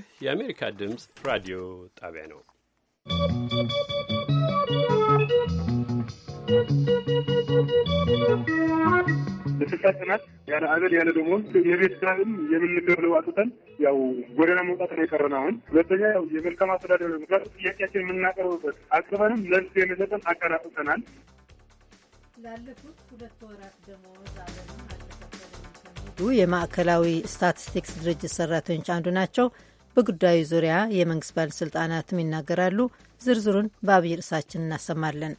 ይህ የአሜሪካ ድምፅ ራዲዮ ጣቢያ ነው። ለስልሳ ያለ አበል ያለ ደግሞ የቤት ስራን የምንገብለው አጥተን ያው ጎዳና መውጣት ነው የቀረን። አሁን ሁለተኛ ያው የመልካም አስተዳደር ምክንያቱ ጥያቄያችን የምናቀርብበት አቅርበንም መልስ የመሰጠን አቀራጥተናል። ላለፉት ሁለት ወራት የማዕከላዊ ስታቲስቲክስ ድርጅት ሰራተኞች አንዱ ናቸው። በጉዳዩ ዙሪያ የመንግስት ባለሥልጣናትም ይናገራሉ። ዝርዝሩን በአብይ ርዕሳችን እናሰማለን።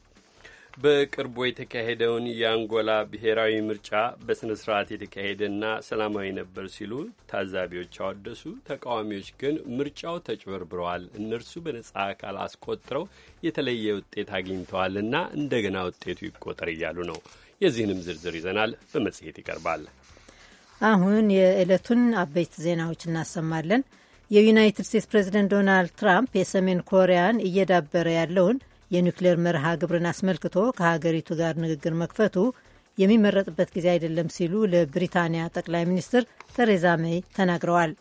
በቅርቡ የተካሄደውን የአንጎላ ብሔራዊ ምርጫ በሥነ ስርዓት የተካሄደና ሰላማዊ ነበር ሲሉ ታዛቢዎች አወደሱ። ተቃዋሚዎች ግን ምርጫው ተጭበርብረዋል፣ እነርሱ በነጻ አካል አስቆጥረው የተለየ ውጤት አግኝተዋልና እንደገና ውጤቱ ይቆጠር እያሉ ነው። የዚህንም ዝርዝር ይዘናል፣ በመጽሔት ይቀርባል። አሁን የዕለቱን አበይት ዜናዎች እናሰማለን። የዩናይትድ ስቴትስ ፕሬዚደንት ዶናልድ ትራምፕ የሰሜን ኮሪያን እየዳበረ ያለውን የኒውክሌር መርሃ ግብርን አስመልክቶ ከሀገሪቱ ጋር ንግግር መክፈቱ የሚመረጥበት ጊዜ አይደለም ሲሉ ለብሪታንያ ጠቅላይ ሚኒስትር ተሬዛ ሜይ ተናግረዋል።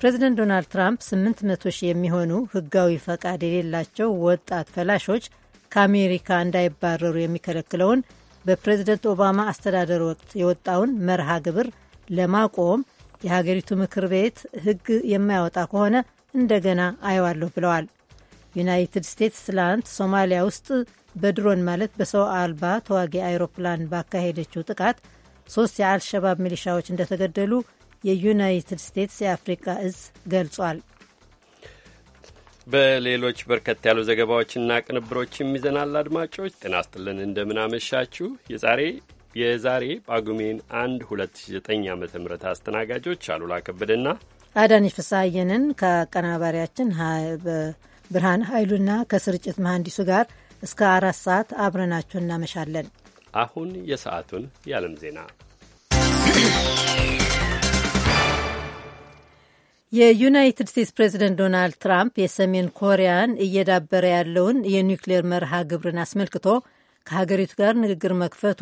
ፕሬዚደንት ዶናልድ ትራምፕ 800 ሺህ የሚሆኑ ህጋዊ ፈቃድ የሌላቸው ወጣት ፈላሾች ከአሜሪካ እንዳይባረሩ የሚከለክለውን በፕሬዚደንት ኦባማ አስተዳደር ወቅት የወጣውን መርሃ ግብር ለማቆም የሀገሪቱ ምክር ቤት ሕግ የማያወጣ ከሆነ እንደገና አየዋለሁ ብለዋል። ዩናይትድ ስቴትስ ትላንት ሶማሊያ ውስጥ በድሮን ማለት በሰው አልባ ተዋጊ አይሮፕላን ባካሄደችው ጥቃት ሶስት የአልሸባብ ሚሊሻዎች እንደተገደሉ የዩናይትድ ስቴትስ የአፍሪካ እዝ ገልጿል። በሌሎች በርከት ያሉ ዘገባዎችና ቅንብሮች ይዘናል። አድማጮች ጤና እንደምናመሻችሁ። የዛሬ የዛሬ ጳጉሜን 1 2009 ዓ ም አስተናጋጆች አሉላ ከበደና አዳነች ፍስሐየንን ከአቀናባሪያችን ብርሃን ኃይሉና ከስርጭት መሐንዲሱ ጋር እስከ አራት ሰዓት አብረናችሁ እናመሻለን። አሁን የሰዓቱን የዓለም ዜና የዩናይትድ ስቴትስ ፕሬዚደንት ዶናልድ ትራምፕ የሰሜን ኮሪያን እየዳበረ ያለውን የኒውክሌር መርሃ ግብርን አስመልክቶ ከሀገሪቱ ጋር ንግግር መክፈቱ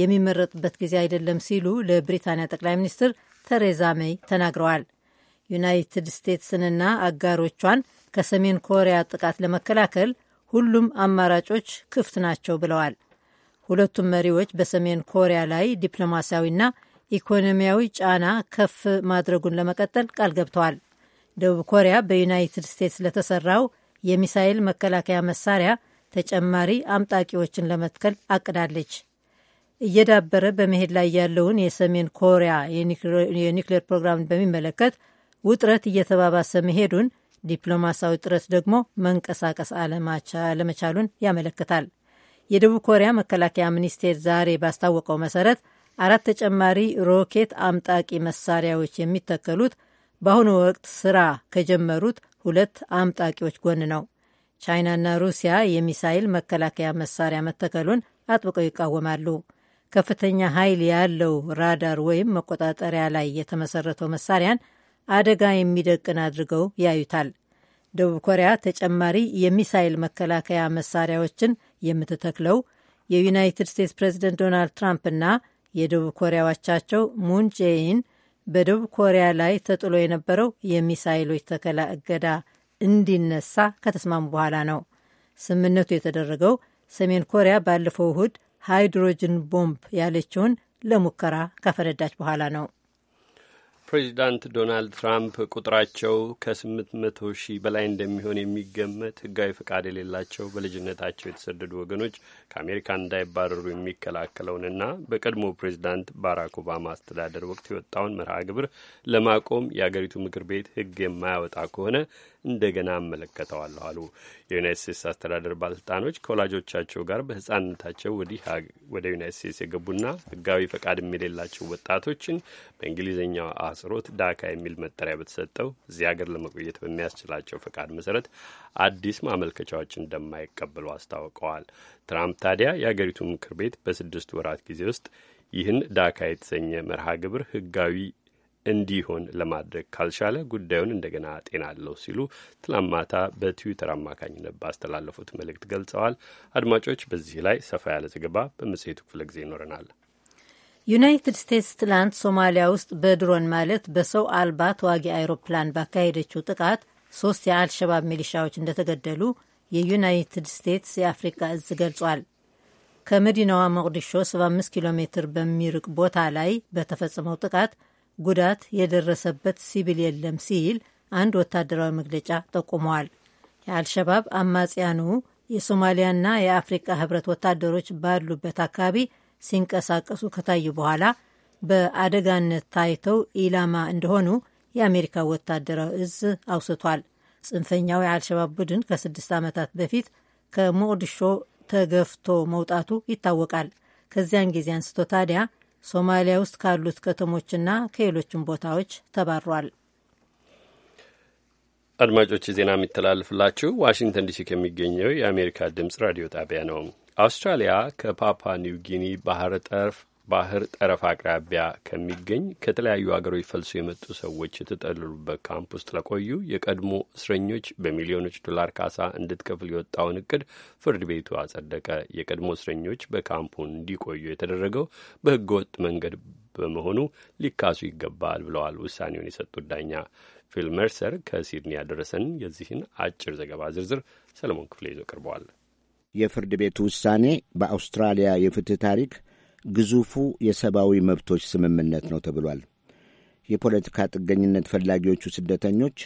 የሚመረጥበት ጊዜ አይደለም ሲሉ ለብሪታንያ ጠቅላይ ሚኒስትር ተሬዛ ሜይ ተናግረዋል። ዩናይትድ ስቴትስንና አጋሮቿን ከሰሜን ኮሪያ ጥቃት ለመከላከል ሁሉም አማራጮች ክፍት ናቸው ብለዋል። ሁለቱም መሪዎች በሰሜን ኮሪያ ላይ ዲፕሎማሲያዊና ኢኮኖሚያዊ ጫና ከፍ ማድረጉን ለመቀጠል ቃል ገብተዋል። ደቡብ ኮሪያ በዩናይትድ ስቴትስ ለተሰራው የሚሳይል መከላከያ መሳሪያ ተጨማሪ አምጣቂዎችን ለመትከል አቅዳለች። እየዳበረ በመሄድ ላይ ያለውን የሰሜን ኮሪያ የኒክሌር ፕሮግራምን በሚመለከት ውጥረት እየተባባሰ መሄዱን፣ ዲፕሎማሲያዊ ጥረት ደግሞ መንቀሳቀስ አለመቻሉን ያመለክታል። የደቡብ ኮሪያ መከላከያ ሚኒስቴር ዛሬ ባስታወቀው መሰረት አራት ተጨማሪ ሮኬት አምጣቂ መሳሪያዎች የሚተከሉት በአሁኑ ወቅት ስራ ከጀመሩት ሁለት አምጣቂዎች ጎን ነው። ቻይናና ሩሲያ የሚሳይል መከላከያ መሳሪያ መተከሉን አጥብቀው ይቃወማሉ። ከፍተኛ ኃይል ያለው ራዳር ወይም መቆጣጠሪያ ላይ የተመሰረተው መሳሪያን አደጋ የሚደቅን አድርገው ያዩታል። ደቡብ ኮሪያ ተጨማሪ የሚሳይል መከላከያ መሳሪያዎችን የምትተክለው የዩናይትድ ስቴትስ ፕሬዚደንት ዶናልድ ትራምፕና የደቡብ ኮሪያ አቻቸው ሙን ጄኢን በደቡብ ኮሪያ ላይ ተጥሎ የነበረው የሚሳይሎች ተከላ እገዳ እንዲነሳ ከተስማሙ በኋላ ነው። ስምምነቱ የተደረገው ሰሜን ኮሪያ ባለፈው እሁድ ሃይድሮጅን ቦምብ ያለችውን ለሙከራ ካፈነዳች በኋላ ነው። ፕሬዚዳንት ዶናልድ ትራምፕ ቁጥራቸው ከስምንት መቶ ሺህ በላይ እንደሚሆን የሚገመት ህጋዊ ፈቃድ የሌላቸው በልጅነታቸው የተሰደዱ ወገኖች ከአሜሪካ እንዳይባረሩ የሚከላከለውንና በቀድሞ ፕሬዚዳንት ባራክ ኦባማ አስተዳደር ወቅት የወጣውን መርሃ ግብር ለማቆም የአገሪቱ ምክር ቤት ህግ የማያወጣ ከሆነ እንደገና እመለከተዋለሁ አሉ። የዩናይት ስቴትስ አስተዳደር ባለስልጣኖች ከወላጆቻቸው ጋር በህጻንነታቸው ወዲህ ወደ ዩናይት ስቴትስ የገቡና ህጋዊ ፈቃድም የሌላቸው ወጣቶችን በእንግሊዝኛው አህጽሮት ዳካ የሚል መጠሪያ በተሰጠው እዚህ ሀገር ለመቆየት በሚያስችላቸው ፈቃድ መሰረት አዲስ ማመልከቻዎች እንደማይቀበሉ አስታውቀዋል። ትራምፕ ታዲያ የአገሪቱ ምክር ቤት በስድስት ወራት ጊዜ ውስጥ ይህን ዳካ የተሰኘ መርሃ ግብር ህጋዊ እንዲሆን ለማድረግ ካልቻለ ጉዳዩን እንደገና አጤናለሁ ሲሉ ትላንት ማታ በትዊተር አማካኝነት ባስተላለፉት መልእክት ገልጸዋል። አድማጮች፣ በዚህ ላይ ሰፋ ያለ ዘገባ በመጽሔቱ ክፍለ ጊዜ ይኖረናል። ዩናይትድ ስቴትስ ትላንት ሶማሊያ ውስጥ በድሮን ማለት በሰው አልባ ተዋጊ አይሮፕላን ባካሄደችው ጥቃት ሶስት የአልሸባብ ሚሊሻዎች እንደተገደሉ የዩናይትድ ስቴትስ የአፍሪካ እዝ ገልጿል። ከመዲናዋ ሞቅዲሾ 75 ኪሎ ሜትር በሚርቅ ቦታ ላይ በተፈጸመው ጥቃት ጉዳት የደረሰበት ሲቪል የለም ሲል አንድ ወታደራዊ መግለጫ ጠቁመዋል። የአልሸባብ አማጽያኑ የሶማሊያና የአፍሪቃ ህብረት ወታደሮች ባሉበት አካባቢ ሲንቀሳቀሱ ከታዩ በኋላ በአደጋነት ታይተው ኢላማ እንደሆኑ የአሜሪካ ወታደራዊ እዝ አውስቷል። ጽንፈኛው የአልሸባብ ቡድን ከስድስት ዓመታት በፊት ከሞቅዲሾ ተገፍቶ መውጣቱ ይታወቃል። ከዚያን ጊዜ አንስቶ ታዲያ ሶማሊያ ውስጥ ካሉት ከተሞችና ከሌሎችም ቦታዎች ተባሯል። አድማጮች ዜና የሚተላለፍላችሁ ዋሽንግተን ዲሲ ከሚገኘው የአሜሪካ ድምጽ ራዲዮ ጣቢያ ነው። አውስትራሊያ ከፓፓ ኒው ጊኒ ባህር ጠርፍ ባህር ጠረፍ አቅራቢያ ከሚገኝ ከተለያዩ አገሮች ፈልሶ የመጡ ሰዎች የተጠለሉበት ካምፕ ውስጥ ለቆዩ የቀድሞ እስረኞች በሚሊዮኖች ዶላር ካሳ እንድትከፍል የወጣውን እቅድ ፍርድ ቤቱ አጸደቀ። የቀድሞ እስረኞች በካምፑ እንዲቆዩ የተደረገው በህገወጥ መንገድ በመሆኑ ሊካሱ ይገባል ብለዋል ውሳኔውን የሰጡት ዳኛ። ፊል መርሰር ከሲድኒ ያደረሰን የዚህን አጭር ዘገባ ዝርዝር ሰለሞን ክፍሌ ይዞ ቀርበዋል። የፍርድ ቤቱ ውሳኔ በአውስትራሊያ የፍትህ ታሪክ ግዙፉ የሰብአዊ መብቶች ስምምነት ነው ተብሏል። የፖለቲካ ጥገኝነት ፈላጊዎቹ ስደተኞች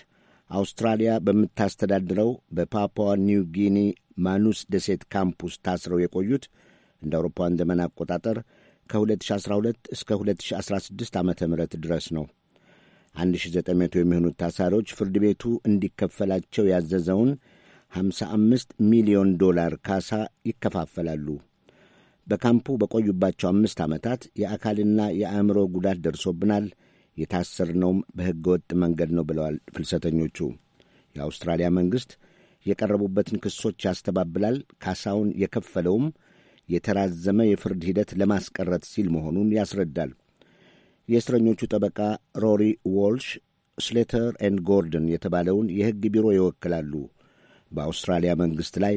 አውስትራሊያ በምታስተዳድረው በፓፑዋ ኒው ጊኒ ማኑስ ደሴት ካምፕ ውስጥ ታስረው የቆዩት እንደ አውሮፓውያን ዘመን አቆጣጠር ከ2012 እስከ 2016 ዓ ም ድረስ ነው። 1900 የሚሆኑት ታሳሪዎች ፍርድ ቤቱ እንዲከፈላቸው ያዘዘውን 55 ሚሊዮን ዶላር ካሳ ይከፋፈላሉ። በካምፑ በቆዩባቸው አምስት ዓመታት የአካልና የአእምሮ ጉዳት ደርሶብናል፣ የታሰርነውም በሕገ ወጥ መንገድ ነው ብለዋል ፍልሰተኞቹ። የአውስትራሊያ መንግሥት የቀረቡበትን ክሶች ያስተባብላል። ካሳውን የከፈለውም የተራዘመ የፍርድ ሂደት ለማስቀረት ሲል መሆኑን ያስረዳል። የእስረኞቹ ጠበቃ ሮሪ ዎልሽ ስሌተር ኤንድ ጎርደን የተባለውን የሕግ ቢሮ ይወክላሉ። በአውስትራሊያ መንግሥት ላይ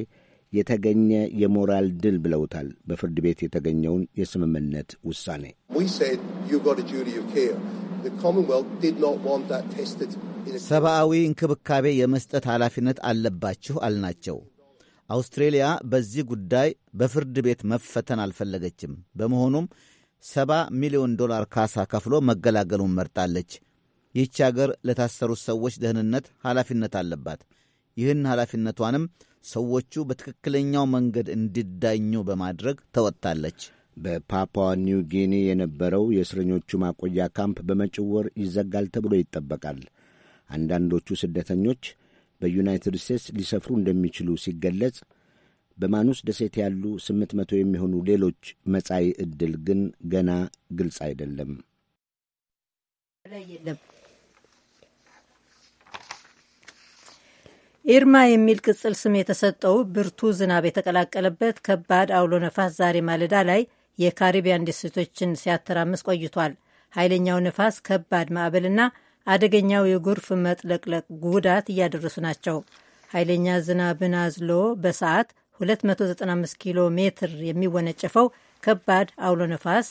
የተገኘ የሞራል ድል ብለውታል። በፍርድ ቤት የተገኘውን የስምምነት ውሳኔ ሰብአዊ እንክብካቤ የመስጠት ኃላፊነት አለባችሁ አልናቸው። አውስትሬሊያ በዚህ ጉዳይ በፍርድ ቤት መፈተን አልፈለገችም። በመሆኑም ሰባ ሚሊዮን ዶላር ካሳ ከፍሎ መገላገሉን መርጣለች። ይህች አገር ለታሰሩት ሰዎች ደህንነት ኃላፊነት አለባት። ይህን ኃላፊነቷንም ሰዎቹ በትክክለኛው መንገድ እንዲዳኙ በማድረግ ተወጥታለች። በፓፑዋ ኒው ጊኒ የነበረው የእስረኞቹ ማቆያ ካምፕ በመጪው ወር ይዘጋል ተብሎ ይጠበቃል። አንዳንዶቹ ስደተኞች በዩናይትድ ስቴትስ ሊሰፍሩ እንደሚችሉ ሲገለጽ፣ በማኑስ ደሴት ያሉ ስምንት መቶ የሚሆኑ ሌሎች መጻኢ ዕድል ግን ገና ግልጽ አይደለም። ኢርማ የሚል ቅጽል ስም የተሰጠው ብርቱ ዝናብ የተቀላቀለበት ከባድ አውሎ ነፋስ ዛሬ ማለዳ ላይ የካሪቢያን ደሴቶችን ሲያተራምስ ቆይቷል። ኃይለኛው ነፋስ ከባድ ማዕበልና አደገኛው የጎርፍ መጥለቅለቅ ጉዳት እያደረሱ ናቸው። ኃይለኛ ዝናብን አዝሎ በሰዓት 295 ኪሎ ሜትር የሚወነጨፈው ከባድ አውሎ ነፋስ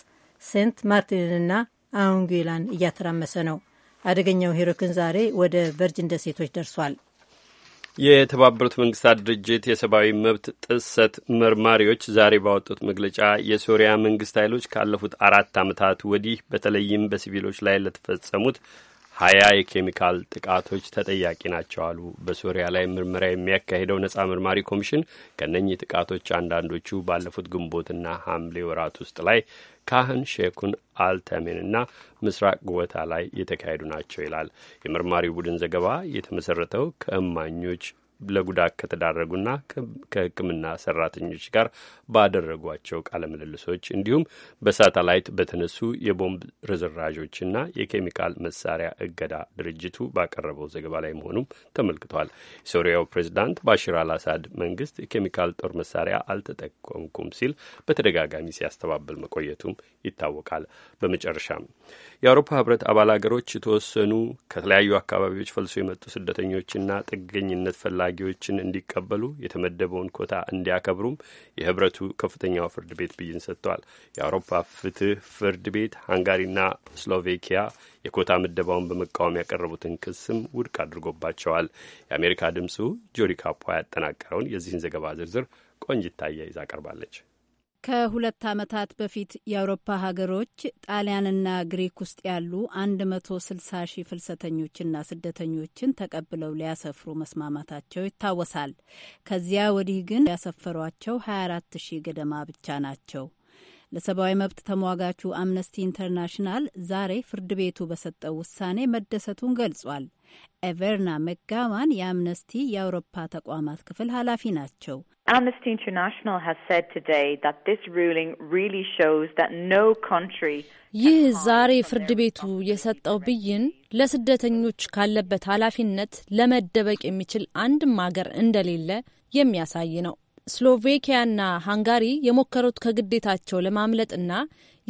ሴንት ማርቲንንና አንጉላን እያተራመሰ ነው። አደገኛው ሄሮክን ዛሬ ወደ ቨርጅን ደሴቶች ደርሷል። የተባበሩት መንግስታት ድርጅት የሰብአዊ መብት ጥሰት መርማሪዎች ዛሬ ባወጡት መግለጫ የሶሪያ መንግስት ኃይሎች ካለፉት አራት ዓመታት ወዲህ በተለይም በሲቪሎች ላይ ለተፈጸሙት ሀያ የኬሚካል ጥቃቶች ተጠያቂ ናቸው አሉ። በሶሪያ ላይ ምርመራ የሚያካሂደው ነጻ ምርማሪ ኮሚሽን ከነኚህ ጥቃቶች አንዳንዶቹ ባለፉት ግንቦትና ሐምሌ ወራት ውስጥ ላይ ካህን ሼኩን አልተሜንና ምስራቅ ጉበታ ላይ የተካሄዱ ናቸው ይላል የመርማሪው ቡድን ዘገባ። የተመሰረተው ከእማኞች ለጉዳት ከተዳረጉና ከሕክምና ሰራተኞች ጋር ባደረጓቸው ቃለ ምልልሶች እንዲሁም በሳተላይት በተነሱ የቦምብ ርዝራዦችና የኬሚካል መሳሪያ እገዳ ድርጅቱ ባቀረበው ዘገባ ላይ መሆኑም ተመልክቷል። የሶሪያው ፕሬዚዳንት ባሽር አልአሳድ መንግስት የኬሚካል ጦር መሳሪያ አልተጠቀምኩም ሲል በተደጋጋሚ ሲያስተባብል መቆየቱም ይታወቃል። በመጨረሻም የአውሮፓ ህብረት አባል አገሮች የተወሰኑ ከተለያዩ አካባቢዎች ፈልሶ የመጡ ስደተኞችና ጥገኝነት ፈላጊዎችን እንዲቀበሉ የተመደበውን ኮታ እንዲያከብሩም የህብረቱ ከፍተኛው ፍርድ ቤት ብይን ሰጥቷል። የአውሮፓ ፍትህ ፍርድ ቤት ሃንጋሪና ስሎቬኪያ የኮታ ምደባውን በመቃወም ያቀረቡትን ክስም ውድቅ አድርጎባቸዋል። የአሜሪካ ድምፁ ጆሪ ካፖ ያጠናቀረውን የዚህን ዘገባ ዝርዝር ቆንጅታየ ይዛ ቀርባለች። ከሁለት ዓመታት በፊት የአውሮፓ ሀገሮች ጣሊያንና ግሪክ ውስጥ ያሉ 160 ሺህ ፍልሰተኞችና ስደተኞችን ተቀብለው ሊያሰፍሩ መስማማታቸው ይታወሳል። ከዚያ ወዲህ ግን ያሰፈሯቸው 24 ሺህ ገደማ ብቻ ናቸው። ለሰብአዊ መብት ተሟጋቹ አምነስቲ ኢንተርናሽናል ዛሬ ፍርድ ቤቱ በሰጠው ውሳኔ መደሰቱን ገልጿል። ኤቨርና መጋዋን የአምነስቲ የአውሮፓ ተቋማት ክፍል ኃላፊ ናቸው። ይህ ዛሬ ፍርድ ቤቱ የሰጠው ብይን ለስደተኞች ካለበት ኃላፊነት ለመደበቅ የሚችል አንድም አገር እንደሌለ የሚያሳይ ነው። ስሎቬኪያና ሃንጋሪ የሞከሩት ከግዴታቸው ለማምለጥና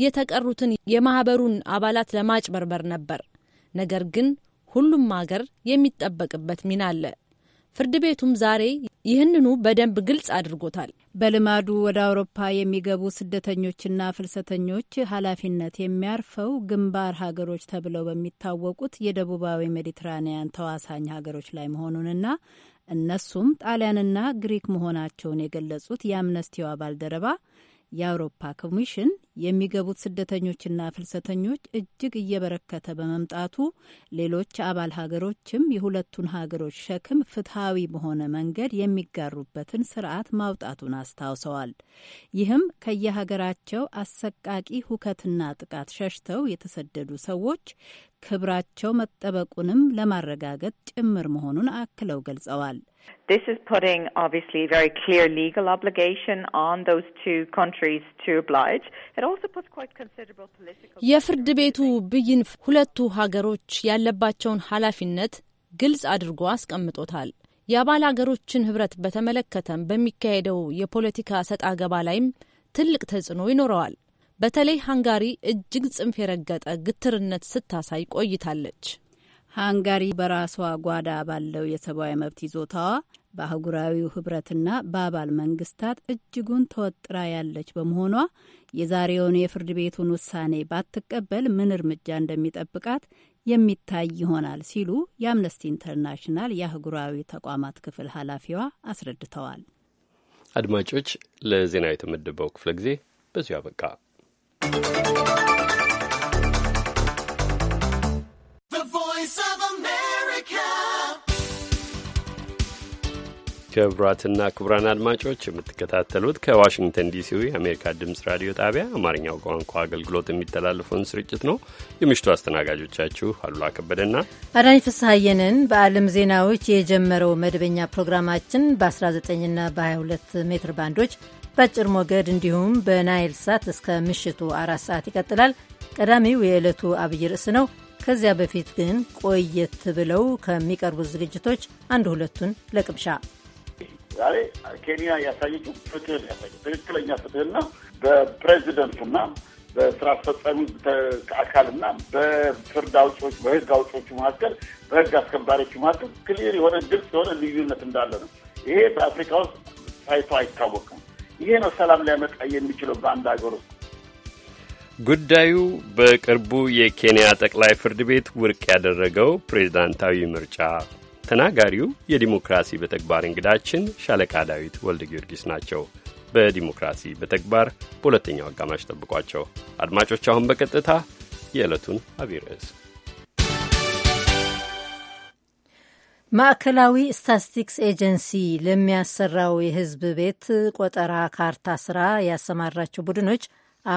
የተቀሩትን የማህበሩን አባላት ለማጭበርበር ነበር። ነገር ግን ሁሉም አገር የሚጠበቅበት ሚና አለ። ፍርድ ቤቱም ዛሬ ይህንኑ በደንብ ግልጽ አድርጎታል። በልማዱ ወደ አውሮፓ የሚገቡ ስደተኞችና ፍልሰተኞች ኃላፊነት የሚያርፈው ግንባር ሀገሮች ተብለው በሚታወቁት የደቡባዊ ሜዲትራኒያን ተዋሳኝ ሀገሮች ላይ መሆኑንና እነሱም ጣሊያንና ግሪክ መሆናቸውን የገለጹት የአምነስቲዋ ባልደረባ የአውሮፓ ኮሚሽን የሚገቡት ስደተኞችና ፍልሰተኞች እጅግ እየበረከተ በመምጣቱ ሌሎች አባል ሀገሮችም የሁለቱን ሀገሮች ሸክም ፍትሐዊ በሆነ መንገድ የሚጋሩበትን ስርዓት ማውጣቱን አስታውሰዋል። ይህም ከየሀገራቸው አሰቃቂ ሁከትና ጥቃት ሸሽተው የተሰደዱ ሰዎች ክብራቸው መጠበቁንም ለማረጋገጥ ጭምር መሆኑን አክለው ገልጸዋል። This is putting obviously very clear legal obligation on those two countries to oblige. It also puts quite considerable political የፍርድ ቤቱ ብይን ሁለቱ ሀገሮች ያለባቸውን ኃላፊነት ግልጽ አድርጎ አስቀምጦታል። የአባል ሀገሮችን ህብረት በተመለከተም በሚካሄደው የፖለቲካ ሰጣ ገባ ላይም ትልቅ ተጽዕኖ ይኖረዋል። በተለይ ሃንጋሪ እጅግ ጽንፍ የረገጠ ግትርነት ስታሳይ ቆይታለች። ሃንጋሪ በራሷ ጓዳ ባለው የሰብአዊ መብት ይዞታዋ በአህጉራዊው ህብረትና በአባል መንግስታት እጅጉን ተወጥራ ያለች በመሆኗ የዛሬውን የፍርድ ቤቱን ውሳኔ ባትቀበል ምን እርምጃ እንደሚጠብቃት የሚታይ ይሆናል ሲሉ የአምነስቲ ኢንተርናሽናል የአህጉራዊ ተቋማት ክፍል ኃላፊዋ አስረድተዋል። አድማጮች፣ ለዜና የተመደበው ክፍለ ጊዜ በዚሁ አበቃ። ክቡራትና ክቡራን አድማጮች የምትከታተሉት ከዋሽንግተን ዲሲ የአሜሪካ ድምፅ ራዲዮ ጣቢያ አማርኛው ቋንቋ አገልግሎት የሚተላለፈውን ስርጭት ነው። የምሽቱ አስተናጋጆቻችሁ አሉላ ከበደና አዳኝ ፍስሐየንን በዓለም ዜናዎች የጀመረው መደበኛ ፕሮግራማችን በ19ና በ22 ሜትር ባንዶች በአጭር ሞገድ እንዲሁም በናይል ሳት እስከ ምሽቱ አራት ሰዓት ይቀጥላል። ቀዳሚው የዕለቱ አብይ ርዕስ ነው። ከዚያ በፊት ግን ቆየት ብለው ከሚቀርቡት ዝግጅቶች አንድ ሁለቱን ለቅምሻ ዛሬ ኬንያ ያሳየችው ፍትህ ያሳየ ትክክለኛ ፍትህና በፕሬዚደንቱና በስራ አስፈጻሚ አካልና በፍርድ አውጪዎች በህግ አውጪዎቹ መካከል በህግ አስከባሪዎቹ መካከል ክሊር የሆነ ግልጽ የሆነ ልዩነት እንዳለ ነው። ይሄ በአፍሪካ ውስጥ ታይቶ አይታወቅም። ይሄ ነው ሰላም ሊያመጣ የሚችለው በአንድ ሀገር ውስጥ። ጉዳዩ በቅርቡ የኬንያ ጠቅላይ ፍርድ ቤት ውድቅ ያደረገው ፕሬዝዳንታዊ ምርጫ ተናጋሪው የዲሞክራሲ በተግባር እንግዳችን ሻለቃ ዳዊት ወልደ ጊዮርጊስ ናቸው። በዲሞክራሲ በተግባር በሁለተኛው አጋማሽ ጠብቋቸው አድማጮች። አሁን በቀጥታ የዕለቱን አብይ ርዕስ ማዕከላዊ ስታቲስቲክስ ኤጀንሲ ለሚያሰራው የሕዝብ ቤት ቆጠራ ካርታ ስራ ያሰማራቸው ቡድኖች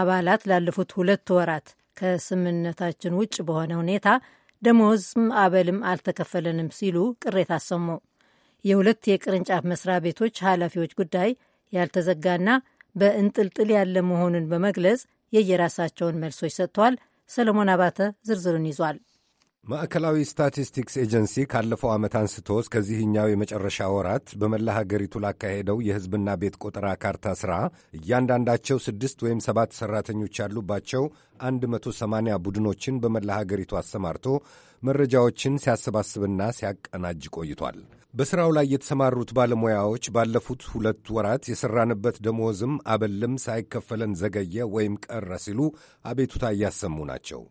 አባላት ላለፉት ሁለት ወራት ከስምምነታችን ውጭ በሆነ ሁኔታ ደሞዝም አበልም አልተከፈለንም ሲሉ ቅሬታ አሰሙ። የሁለት የቅርንጫፍ መስሪያ ቤቶች ኃላፊዎች ጉዳይ ያልተዘጋና በእንጥልጥል ያለ መሆኑን በመግለጽ የየራሳቸውን መልሶች ሰጥተዋል። ሰለሞን አባተ ዝርዝሩን ይዟል። ማዕከላዊ ስታቲስቲክስ ኤጀንሲ ካለፈው ዓመት አንስቶ እስከዚህኛው የመጨረሻ ወራት በመላ ሀገሪቱ ላካሄደው የሕዝብና ቤት ቆጠራ ካርታ ሥራ እያንዳንዳቸው ስድስት ወይም ሰባት ሠራተኞች ያሉባቸው 180 ቡድኖችን በመላ ሀገሪቱ አሰማርቶ መረጃዎችን ሲያሰባስብና ሲያቀናጅ ቆይቷል። በሥራው ላይ የተሰማሩት ባለሙያዎች ባለፉት ሁለት ወራት የሠራንበት ደሞዝም አበልም ሳይከፈለን ዘገየ ወይም ቀረ ሲሉ አቤቱታ እያሰሙ ናቸው።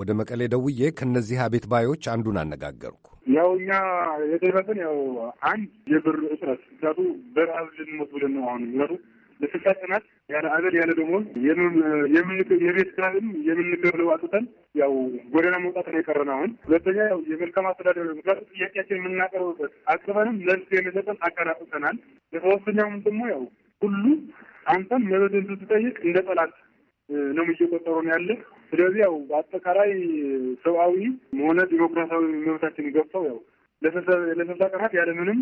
ወደ መቀሌ ደውዬ ከእነዚህ አቤት ባዮች አንዱን አነጋገርኩ። ያው እኛ የደረሰን ያው አንድ የብር እጥረት፣ ምክንያቱ በረሀብ ልንሞት ብለን ነው አሁን ምክንያቱ ለስልሳት ያለ አበል ያለ ደግሞ የቤት ኪራይም የምንገብለው አጥተን ያው ጎደና መውጣት ነው የቀረን። አሁን ሁለተኛ ያው የመልካም አስተዳደር ምክንያቱ ጥያቄያችን የምናቀርብበት አቅበንም መልስ የሚሰጠን አቀራጥተናል። ለተወሰኛውም ደግሞ ያው ሁሉ አንተን መበደን ስትጠይቅ እንደ ጠላት ነው እየቆጠሩን ነው ያለ። ስለዚህ ያው በአጠቃላይ ሰብአዊ መሆነ ዲሞክራሲያዊ መብታችን ገብተው ያው ለስልሳ ቀናት ያለምንም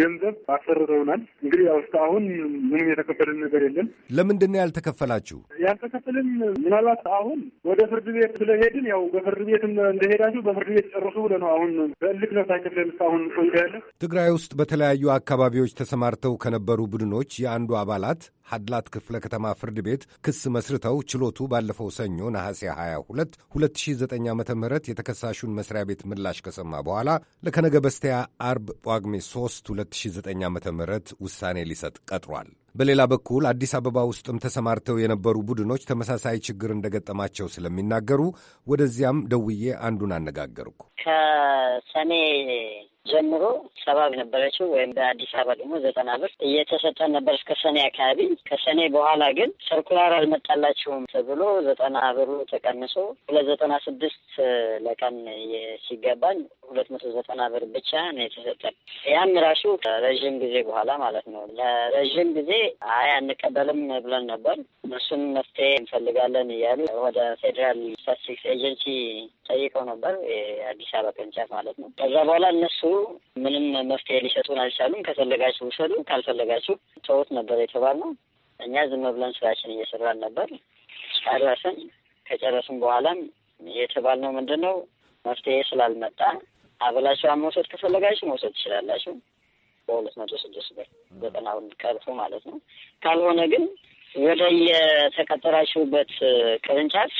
ገንዘብ አሰርተውናል። እንግዲህ ያው አሁን ምንም የተከፈለን ነገር የለም። ለምንድን ነው ያልተከፈላችሁ? ያልተከፈልን ምናልባት አሁን ወደ ፍርድ ቤት ስለሄድን ያው በፍርድ ቤት እንደሄዳችሁ በፍርድ ቤት ጨርሱ ብለ ነው አሁን በእልክ ነው ሳይከፍለን እስካሁን ቆንጆ ያለ። ትግራይ ውስጥ በተለያዩ አካባቢዎች ተሰማርተው ከነበሩ ቡድኖች የአንዱ አባላት ሀድላት ክፍለ ከተማ ፍርድ ቤት ክስ መስርተው ችሎቱ ባለፈው ሰኞ ነሐሴ 22 2009 ዓ ም የተከሳሹን መስሪያ ቤት ምላሽ ከሰማ በኋላ ለከነገ በስቲያ አርብ ጳጉሜ 3 2009 ዓ ም ውሳኔ ሊሰጥ ቀጥሯል። በሌላ በኩል አዲስ አበባ ውስጥም ተሰማርተው የነበሩ ቡድኖች ተመሳሳይ ችግር እንደገጠማቸው ስለሚናገሩ ወደዚያም ደውዬ አንዱን አነጋገርኩ። ከሰኔ ጀምሮ ሰባ ብር ነበረችው ወይም በአዲስ አበባ ደግሞ ዘጠና ብር እየተሰጠን ነበር እስከ ሰኔ አካባቢ። ከሰኔ በኋላ ግን ሰርኩላር አልመጣላችሁም ተብሎ ዘጠና ብሩ ተቀንሶ ሁለት ዘጠና ስድስት ለቀን ሲገባን ሁለት መቶ ዘጠና ብር ብቻ ነው የተሰጠን። ያም ራሱ ከረዥም ጊዜ በኋላ ማለት ነው። ለረዥም ጊዜ አይ አንቀበልም ብለን ነበር። እነሱም መፍትሄ እንፈልጋለን እያሉ ወደ ፌዴራል ስታቲስቲክስ ኤጀንሲ ጠይቀው ነበር፣ የአዲስ አበባ ቅርንጫፍ ማለት ነው። ከዛ በኋላ እነሱ ምንም መፍትሄ ሊሰጡን አልቻሉም። ከፈለጋችሁ ውሰዱ፣ ካልፈለጋችሁ ተውት ነበር የተባልነው። እኛ ዝም ብለን ስራችን እየሰራን ነበር። ጨረስን። ከጨረስን በኋላም የተባልነው ምንድን ነው መፍትሄ ስላልመጣ አበላችሁ መውሰድ ከፈለጋችሁ መውሰድ ትችላላችሁ፣ በሁለት መቶ ስድስት ብር ዘጠናውን ቀርፎ ማለት ነው። ካልሆነ ግን ወደ የተቀጠራችሁበት ቅርንጫፍ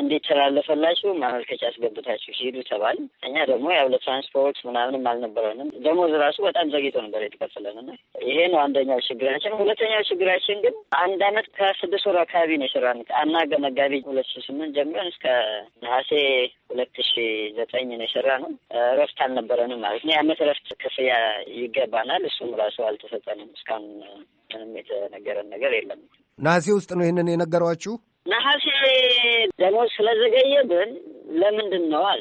እንዴት ተላለፈላችሁ ማመልከቻ አስገብታችሁ ሲሄዱ ተባል። እኛ ደግሞ ያው ለትራንስፖርት ምናምንም አልነበረንም። ደሞዝ ራሱ በጣም ዘግይቶ ነበር የተከፈለን እና ይሄ ነው አንደኛው ችግራችን። ሁለተኛው ችግራችን ግን አንድ አመት ከስድስት ወር አካባቢ ነው የሰራን አና መጋቢ ሁለት ሺ ስምንት ጀምረን እስከ ነሐሴ ሁለት ሺ ዘጠኝ ነው የሰራነው። እረፍት አልነበረንም ማለት ነው። የአመት እረፍት ክፍያ ይገባናል። እሱም ራሱ አልተሰጠንም። እስካሁን ምንም የተነገረን ነገር የለም። ነሐሴ ውስጥ ነው ይህንን የነገሯችሁ? ነሐሴ ደግሞ ስለዘገየብን ለምንድን ነው አል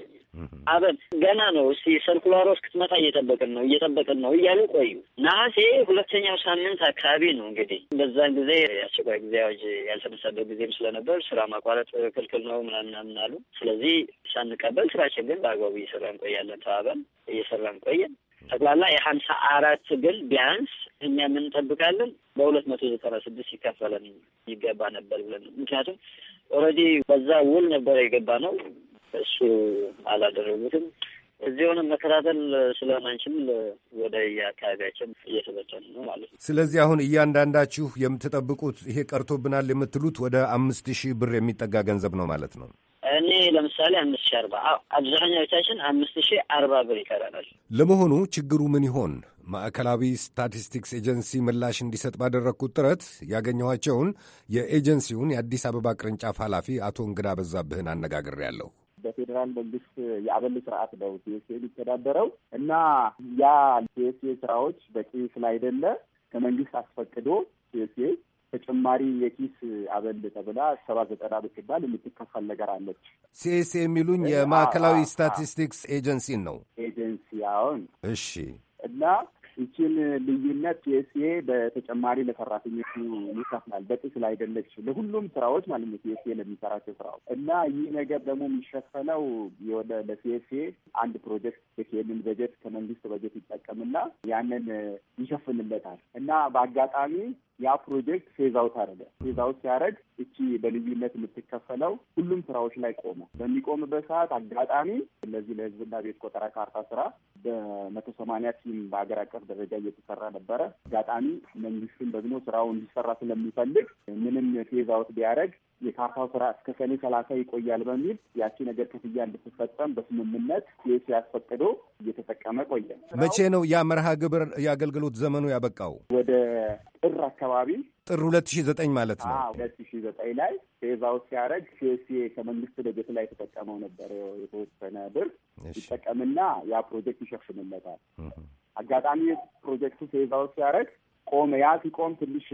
አበን ገና ነው። እስቲ ሰርኩላሮ እስክትመጣ እየጠበቅን ነው እየጠበቅን ነው እያሉ ቆዩ። ነሐሴ ሁለተኛው ሳምንት አካባቢ ነው እንግዲህ በዛን ጊዜ የአስቸኳይ ጊዜ አዋጅ ያልተነሳበት ጊዜም ስለነበር ስራ ማቋረጥ ክልክል ነው ምናምን አሉ። ስለዚህ ሳንቀበል ስራችን ግን በአግባቡ እየሰራን ቆያለን ተባበን እየሰራን ቆየን። ጠቅላላ የሀምሳ አራት ግል ቢያንስ እኛ የምንጠብቃለን በሁለት መቶ ዘጠና ስድስት ይከፈለን ይገባ ነበር ብለን ምክንያቱም ኦልሬዲ በዛ ውል ነበር የገባ ነው። እሱ አላደረጉትም። እዚህ ሆነ መከታተል ስለማንችል ወደ የአካባቢያችን እየተበተኑ ነው ማለት ነው። ስለዚህ አሁን እያንዳንዳችሁ የምትጠብቁት ይሄ ቀርቶብናል የምትሉት ወደ አምስት ሺህ ብር የሚጠጋ ገንዘብ ነው ማለት ነው። እኔ ለምሳሌ አምስት ሺ አርባ አብዛኛዎቻችን አምስት ሺ አርባ ብር ይቀረናል። ለመሆኑ ችግሩ ምን ይሆን? ማዕከላዊ ስታቲስቲክስ ኤጀንሲ ምላሽ እንዲሰጥ ባደረግኩት ጥረት ያገኘኋቸውን የኤጀንሲውን የአዲስ አበባ ቅርንጫፍ ኃላፊ አቶ እንግዳ በዛብህን አነጋግሬያለሁ። በፌዴራል መንግስት የአበል ስርዓት ነው ፒኤስኤ የሚተዳደረው እና ያ ፒኤስኤ ስራዎች በቂ ስላይደለ ከመንግስት አስፈቅዶ ፒኤስኤ ተጨማሪ የኪስ አበል ተብላ ሰባ ዘጠና ብትባል የምትከፈል ነገር አለች። ሲኤስ የሚሉኝ የማዕከላዊ ስታቲስቲክስ ኤጀንሲን ነው ኤጀንሲ አሁን እሺ። እና ይችን ልዩነት ሲኤስኤ በተጨማሪ ለሰራተኞቹ ይከፍላል። ላይ አይደለች ለሁሉም ስራዎች ማለት ነው ሲኤስኤ ለሚሰራቸው ስራዎች እና ይህ ነገር ደግሞ የሚሸፈነው የሆነ ለሲኤስኤ አንድ ፕሮጀክት ይሄንን በጀት ከመንግስት በጀት ይጠቀምና ያንን ይሸፍንለታል እና በአጋጣሚ ያ ፕሮጀክት ፌዝ አውት አደረገ። ፌዝ አውት ሲያደረግ እቺ በልዩነት የምትከፈለው ሁሉም ስራዎች ላይ ቆመ። በሚቆምበት ሰዓት አጋጣሚ ለዚህ ለህዝብና ቤት ቆጠራ ካርታ ስራ በመቶ ሰማንያ ቲም በሀገር አቀፍ ደረጃ እየተሰራ ነበረ። አጋጣሚ መንግስትም ደግሞ ስራው እንዲሰራ ስለሚፈልግ ምንም ፌዝ አውት ቢያደረግ የካርታው ስራ እስከ ሰኔ ሰላሳ ይቆያል በሚል ያቺ ነገር ክፍያ እንድትፈጸም በስምምነት ሴስ ያስፈቅዶ እየተጠቀመ ቆየ። መቼ ነው ያ መርሃ ግብር የአገልግሎት ዘመኑ ያበቃው? ወደ ጥር አካባቢ ጥር ሁለት ሺ ዘጠኝ ማለት ነው። ሁለት ሺ ዘጠኝ ላይ ፌዛውት ሲያደርግ ሲስ ከመንግስት በጀት ላይ የተጠቀመው ነበር። የተወሰነ ብር ይጠቀምና ያ ፕሮጀክት ይሸፍንለታል። አጋጣሚ ፕሮጀክቱ ፌዛውት ሲያደርግ ቆመ። ያ ሲቆም ትንሽ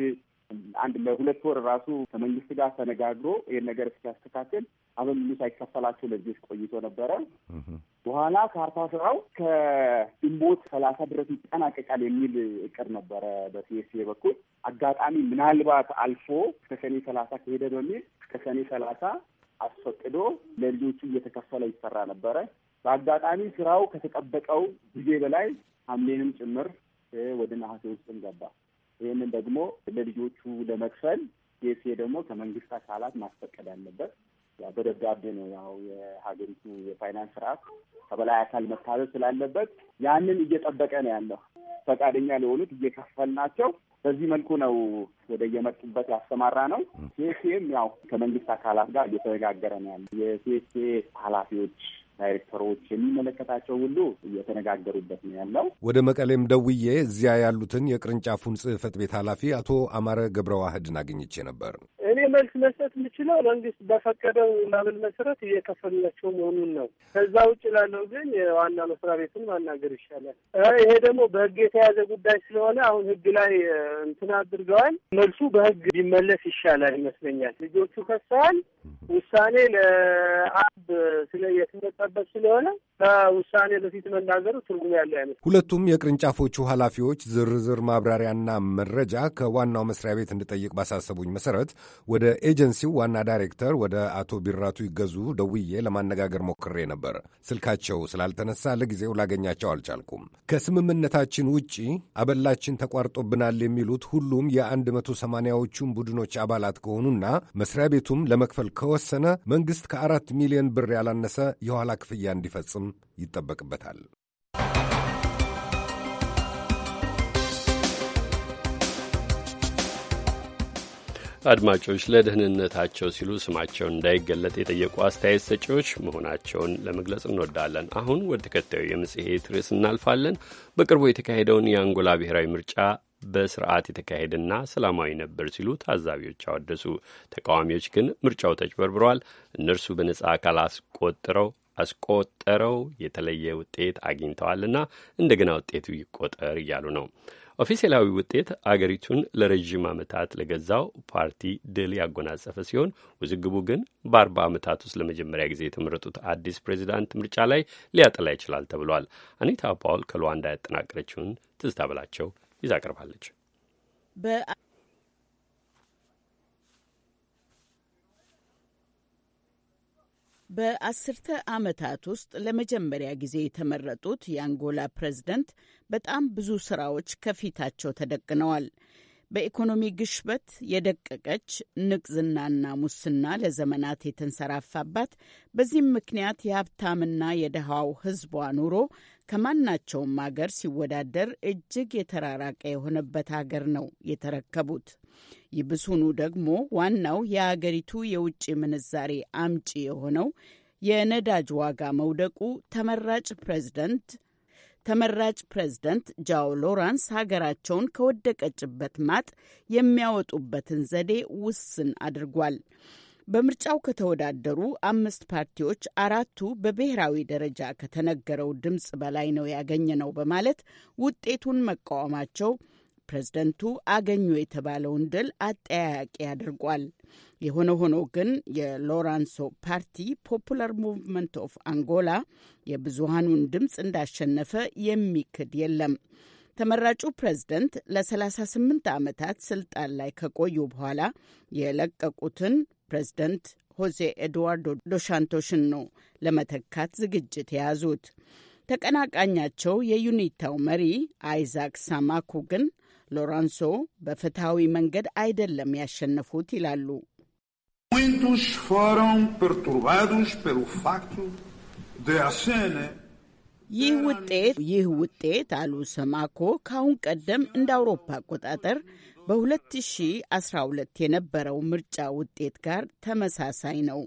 አንድ ለሁለት ወር ራሱ ከመንግስት ጋር ተነጋግሮ ይህን ነገር እስኪያስተካክል አሁን ሳይከፈላቸው ለልጆች ቆይቶ ነበረ። በኋላ ካርታ ስራው ከግንቦት ሰላሳ ድረስ ይጠናቀቃል የሚል እቅድ ነበረ በሲኤስኤ በኩል። አጋጣሚ ምናልባት አልፎ እስከ ሰኔ ሰላሳ ከሄደ በሚል እስከ ሰኔ ሰላሳ አስፈቅዶ ለልጆቹ እየተከፈለ ይሰራ ነበረ። በአጋጣሚ ስራው ከተጠበቀው ጊዜ በላይ ሐምሌንም ጭምር ወደ ነሐሴ ውስጥም ገባ። ይህንን ደግሞ ለልጆቹ ለመክፈል ሴሴ ደግሞ ከመንግስት አካላት ማስፈቀድ አለበት። ያው በደብዳቤ ነው። ያው የሀገሪቱ የፋይናንስ ስርዓት ከበላይ አካል መታዘዝ ስላለበት ያንን እየጠበቀ ነው ያለው። ፈቃደኛ ለሆኑት እየከፈል ናቸው። በዚህ መልኩ ነው ወደ የመጡበት ያሰማራ ነው። ሴሴም ያው ከመንግስት አካላት ጋር እየተነጋገረ ነው ያለ የሴሴ ኃላፊዎች ዳይሬክተሮች የሚመለከታቸው ሁሉ እየተነጋገሩበት ነው ያለው። ወደ መቀሌም ደውዬ እዚያ ያሉትን የቅርንጫፉን ጽህፈት ቤት ኃላፊ አቶ አማረ ገብረ ዋህድን አግኝቼ ነበር። እኔ መልስ መስጠት የምችለው መንግስት በፈቀደው መብል መሰረት እየከፈሉላቸው መሆኑን ነው። ከዛ ውጭ ላለው ግን ዋና መስሪያ ቤቱን ማናገር ይሻላል። ይሄ ደግሞ በህግ የተያዘ ጉዳይ ስለሆነ አሁን ህግ ላይ እንትን አድርገዋል። መልሱ በህግ ቢመለስ ይሻላል ይመስለኛል። ልጆቹ ከሰዋል። ውሳኔ ለአብ ስለ የተሰጠበት ስለሆነ ከውሳኔ በፊት መናገሩ ትርጉም ያለ አይነት ሁለቱም የቅርንጫፎቹ ኃላፊዎች ዝርዝር ማብራሪያና መረጃ ከዋናው መስሪያ ቤት እንድጠይቅ ባሳሰቡኝ መሰረት ወደ ኤጀንሲው ዋና ዳይሬክተር ወደ አቶ ቢራቱ ይገዙ ደውዬ ለማነጋገር ሞክሬ ነበር። ስልካቸው ስላልተነሳ ለጊዜው ላገኛቸው አልቻልኩም። ከስምምነታችን ውጪ አበላችን ተቋርጦብናል የሚሉት ሁሉም የ180ዎቹን ቡድኖች አባላት ከሆኑና መስሪያ ቤቱም ለመክፈል ከወሰነ መንግሥት ከአራት ሚሊዮን ብር ያላነሰ የኋላ ክፍያ እንዲፈጽም ይጠበቅበታል። አድማጮች ለደህንነታቸው ሲሉ ስማቸውን እንዳይገለጥ የጠየቁ አስተያየት ሰጪዎች መሆናቸውን ለመግለጽ እንወዳለን። አሁን ወደ ተከታዩ የመጽሔት ርዕስ እናልፋለን። በቅርቡ የተካሄደውን የአንጎላ ብሔራዊ ምርጫ በስርዓት የተካሄደና ሰላማዊ ነበር ሲሉ ታዛቢዎች አወደሱ። ተቃዋሚዎች ግን ምርጫው ተጭበርብሯል፣ እነርሱ በነጻ አካል አስቆጥረው አስቆጠረው የተለየ ውጤት አግኝተዋልና እንደገና ውጤቱ ይቆጠር እያሉ ነው። ኦፊሴላዊ ውጤት አገሪቱን ለረዥም ዓመታት ለገዛው ፓርቲ ድል ያጎናጸፈ ሲሆን ውዝግቡ ግን በአርባ ዓመታት ውስጥ ለመጀመሪያ ጊዜ የተመረጡት አዲስ ፕሬዚዳንት ምርጫ ላይ ሊያጠላ ይችላል ተብሏል። አኒታ ፓውል ከሉዋንዳ ያጠናቀረችውን ትዝታ ብላቸው ይዛ ቀርባለች። በአስርተ ዓመታት ውስጥ ለመጀመሪያ ጊዜ የተመረጡት የአንጎላ ፕሬዝደንት በጣም ብዙ ስራዎች ከፊታቸው ተደቅነዋል። በኢኮኖሚ ግሽበት የደቀቀች ንቅዝናና ሙስና ለዘመናት የተንሰራፋባት፣ በዚህም ምክንያት የሀብታምና የደሃው ሕዝቧ ኑሮ ከማናቸውም አገር ሲወዳደር እጅግ የተራራቀ የሆነበት አገር ነው የተረከቡት። ይብሱኑ ደግሞ ዋናው የአገሪቱ የውጭ ምንዛሬ አምጪ የሆነው የነዳጅ ዋጋ መውደቁ ተመራጭ ፕሬዝደንት ተመራጭ ፕሬዝደንት ጃው ሎራንስ ሀገራቸውን ከወደቀችበት ማጥ የሚያወጡበትን ዘዴ ውስን አድርጓል። በምርጫው ከተወዳደሩ አምስት ፓርቲዎች አራቱ በብሔራዊ ደረጃ ከተነገረው ድምፅ በላይ ነው ያገኘ ነው በማለት ውጤቱን መቃወማቸው ፕሬዝደንቱ አገኙ የተባለውን ድል አጠያያቂ አድርጓል። የሆነ ሆኖ ግን የሎራንሶ ፓርቲ ፖፑላር ሙቭመንት ኦፍ አንጎላ የብዙሃኑን ድምፅ እንዳሸነፈ የሚክድ የለም። ተመራጩ ፕሬዝደንት ለ38 ዓመታት ስልጣን ላይ ከቆዩ በኋላ የለቀቁትን ፕሬዝደንት ሆሴ ኤድዋርዶ ዶሻንቶሽን ነው ለመተካት ዝግጅት የያዙት። ተቀናቃኛቸው የዩኒታው መሪ አይዛክ ሳማኩ ግን ሎራንሶ በፍትሐዊ መንገድ አይደለም ያሸነፉት ይላሉ። ይህ ውጤት ይህ ውጤት አሉ ሰማኮ ከአሁን ቀደም እንደ አውሮፓ አቆጣጠር በ2012 የነበረው ምርጫ ውጤት ጋር ተመሳሳይ ነው።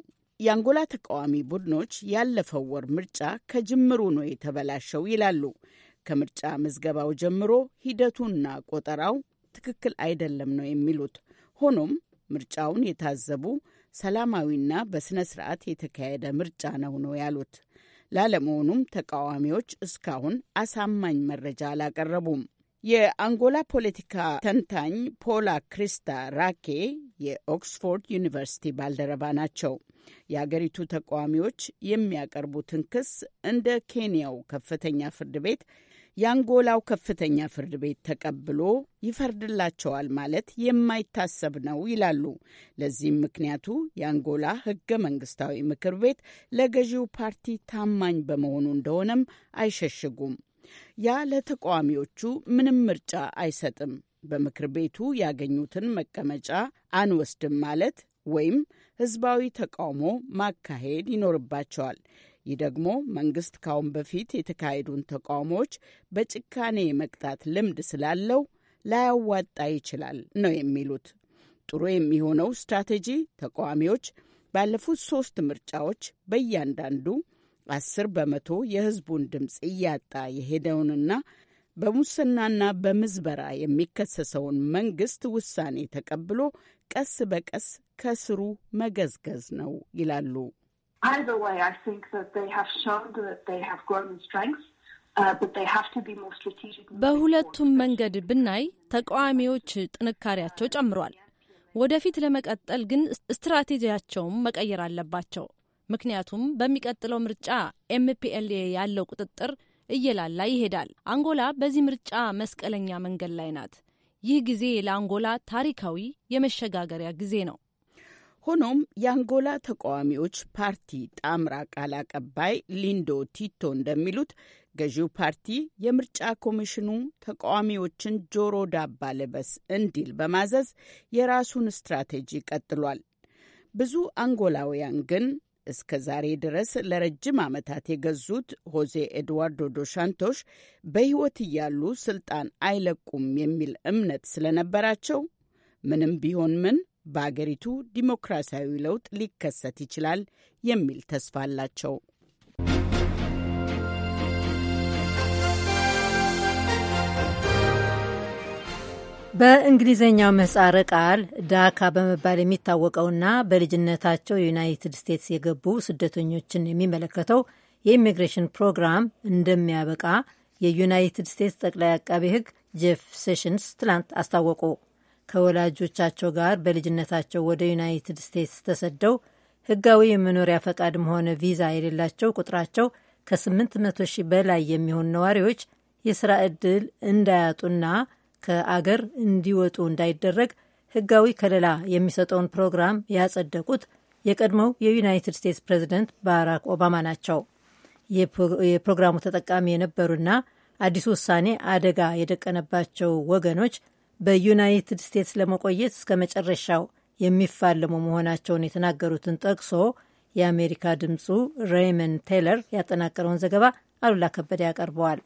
የአንጎላ ተቃዋሚ ቡድኖች ያለፈው ወር ምርጫ ከጅምሩ ነው የተበላሸው ይላሉ። ከምርጫ ምዝገባው ጀምሮ ሂደቱና ቆጠራው ትክክል አይደለም ነው የሚሉት። ሆኖም ምርጫውን የታዘቡ ሰላማዊና በሥነ ሥርዓት የተካሄደ ምርጫ ነው ነው ያሉት። ላለመሆኑም ተቃዋሚዎች እስካሁን አሳማኝ መረጃ አላቀረቡም። የአንጎላ ፖለቲካ ተንታኝ ፖላ ክሪስታ ራኬ የኦክስፎርድ ዩኒቨርሲቲ ባልደረባ ናቸው። የአገሪቱ ተቃዋሚዎች የሚያቀርቡትን ክስ እንደ ኬንያው ከፍተኛ ፍርድ ቤት የአንጎላው ከፍተኛ ፍርድ ቤት ተቀብሎ ይፈርድላቸዋል ማለት የማይታሰብ ነው ይላሉ። ለዚህም ምክንያቱ የአንጎላ ሕገ መንግስታዊ ምክር ቤት ለገዢው ፓርቲ ታማኝ በመሆኑ እንደሆነም አይሸሽጉም። ያ ለተቃዋሚዎቹ ምንም ምርጫ አይሰጥም። በምክር ቤቱ ያገኙትን መቀመጫ አንወስድም ማለት ወይም ህዝባዊ ተቃውሞ ማካሄድ ይኖርባቸዋል። ይህ ደግሞ መንግስት ካሁን በፊት የተካሄዱን ተቃውሞዎች በጭካኔ የመቅጣት ልምድ ስላለው ላያዋጣ ይችላል ነው የሚሉት። ጥሩ የሚሆነው ስትራቴጂ ተቃዋሚዎች ባለፉት ሶስት ምርጫዎች በእያንዳንዱ አስር በመቶ የህዝቡን ድምፅ እያጣ የሄደውንና በሙስናና በምዝበራ የሚከሰሰውን መንግስት ውሳኔ ተቀብሎ ቀስ በቀስ ከስሩ መገዝገዝ ነው ይላሉ። uh, በሁለቱም መንገድ ብናይ ተቃዋሚዎች ጥንካሬያቸው ጨምሯል። ወደፊት ለመቀጠል ግን ስትራቴጂያቸውም መቀየር አለባቸው። ምክንያቱም በሚቀጥለው ምርጫ ኤምፒኤልኤ ያለው ቁጥጥር እየላላ ይሄዳል። አንጎላ በዚህ ምርጫ መስቀለኛ መንገድ ላይ ናት። ይህ ጊዜ ለአንጎላ ታሪካዊ የመሸጋገሪያ ጊዜ ነው። ሆኖም የአንጎላ ተቃዋሚዎች ፓርቲ ጣምራ ቃል አቀባይ ሊንዶ ቲቶ እንደሚሉት ገዢው ፓርቲ የምርጫ ኮሚሽኑ ተቃዋሚዎችን ጆሮ ዳባ ልበስ እንዲል በማዘዝ የራሱን ስትራቴጂ ቀጥሏል። ብዙ አንጎላውያን ግን እስከ ዛሬ ድረስ ለረጅም ዓመታት የገዙት ሆዜ ኤድዋርዶ ዶሻንቶሽ በሕይወት እያሉ ስልጣን አይለቁም የሚል እምነት ስለነበራቸው ምንም ቢሆን ምን በአገሪቱ ዲሞክራሲያዊ ለውጥ ሊከሰት ይችላል የሚል ተስፋ አላቸው። በእንግሊዝኛው ምህጻረ ቃል ዳካ በመባል የሚታወቀውና በልጅነታቸው ዩናይትድ ስቴትስ የገቡ ስደተኞችን የሚመለከተው የኢሚግሬሽን ፕሮግራም እንደሚያበቃ የዩናይትድ ስቴትስ ጠቅላይ አቃቤ ሕግ ጄፍ ሴሽንስ ትላንት አስታወቁ። ከወላጆቻቸው ጋር በልጅነታቸው ወደ ዩናይትድ ስቴትስ ተሰደው ህጋዊ የመኖሪያ ፈቃድም ሆነ ቪዛ የሌላቸው ቁጥራቸው ከ800 ሺህ በላይ የሚሆኑ ነዋሪዎች የስራ ዕድል እንዳያጡና ከአገር እንዲወጡ እንዳይደረግ ህጋዊ ከለላ የሚሰጠውን ፕሮግራም ያጸደቁት የቀድሞው የዩናይትድ ስቴትስ ፕሬዚደንት ባራክ ኦባማ ናቸው። የፕሮግራሙ ተጠቃሚ የነበሩና አዲሱ ውሳኔ አደጋ የደቀነባቸው ወገኖች በዩናይትድ ስቴትስ ለመቆየት እስከ መጨረሻው የሚፋለሙ መሆናቸውን የተናገሩትን ጠቅሶ የአሜሪካ ድምፁ ሬይመን ቴይለር ያጠናቀረውን ዘገባ አሉላ ከበደ ያቀርበዋል።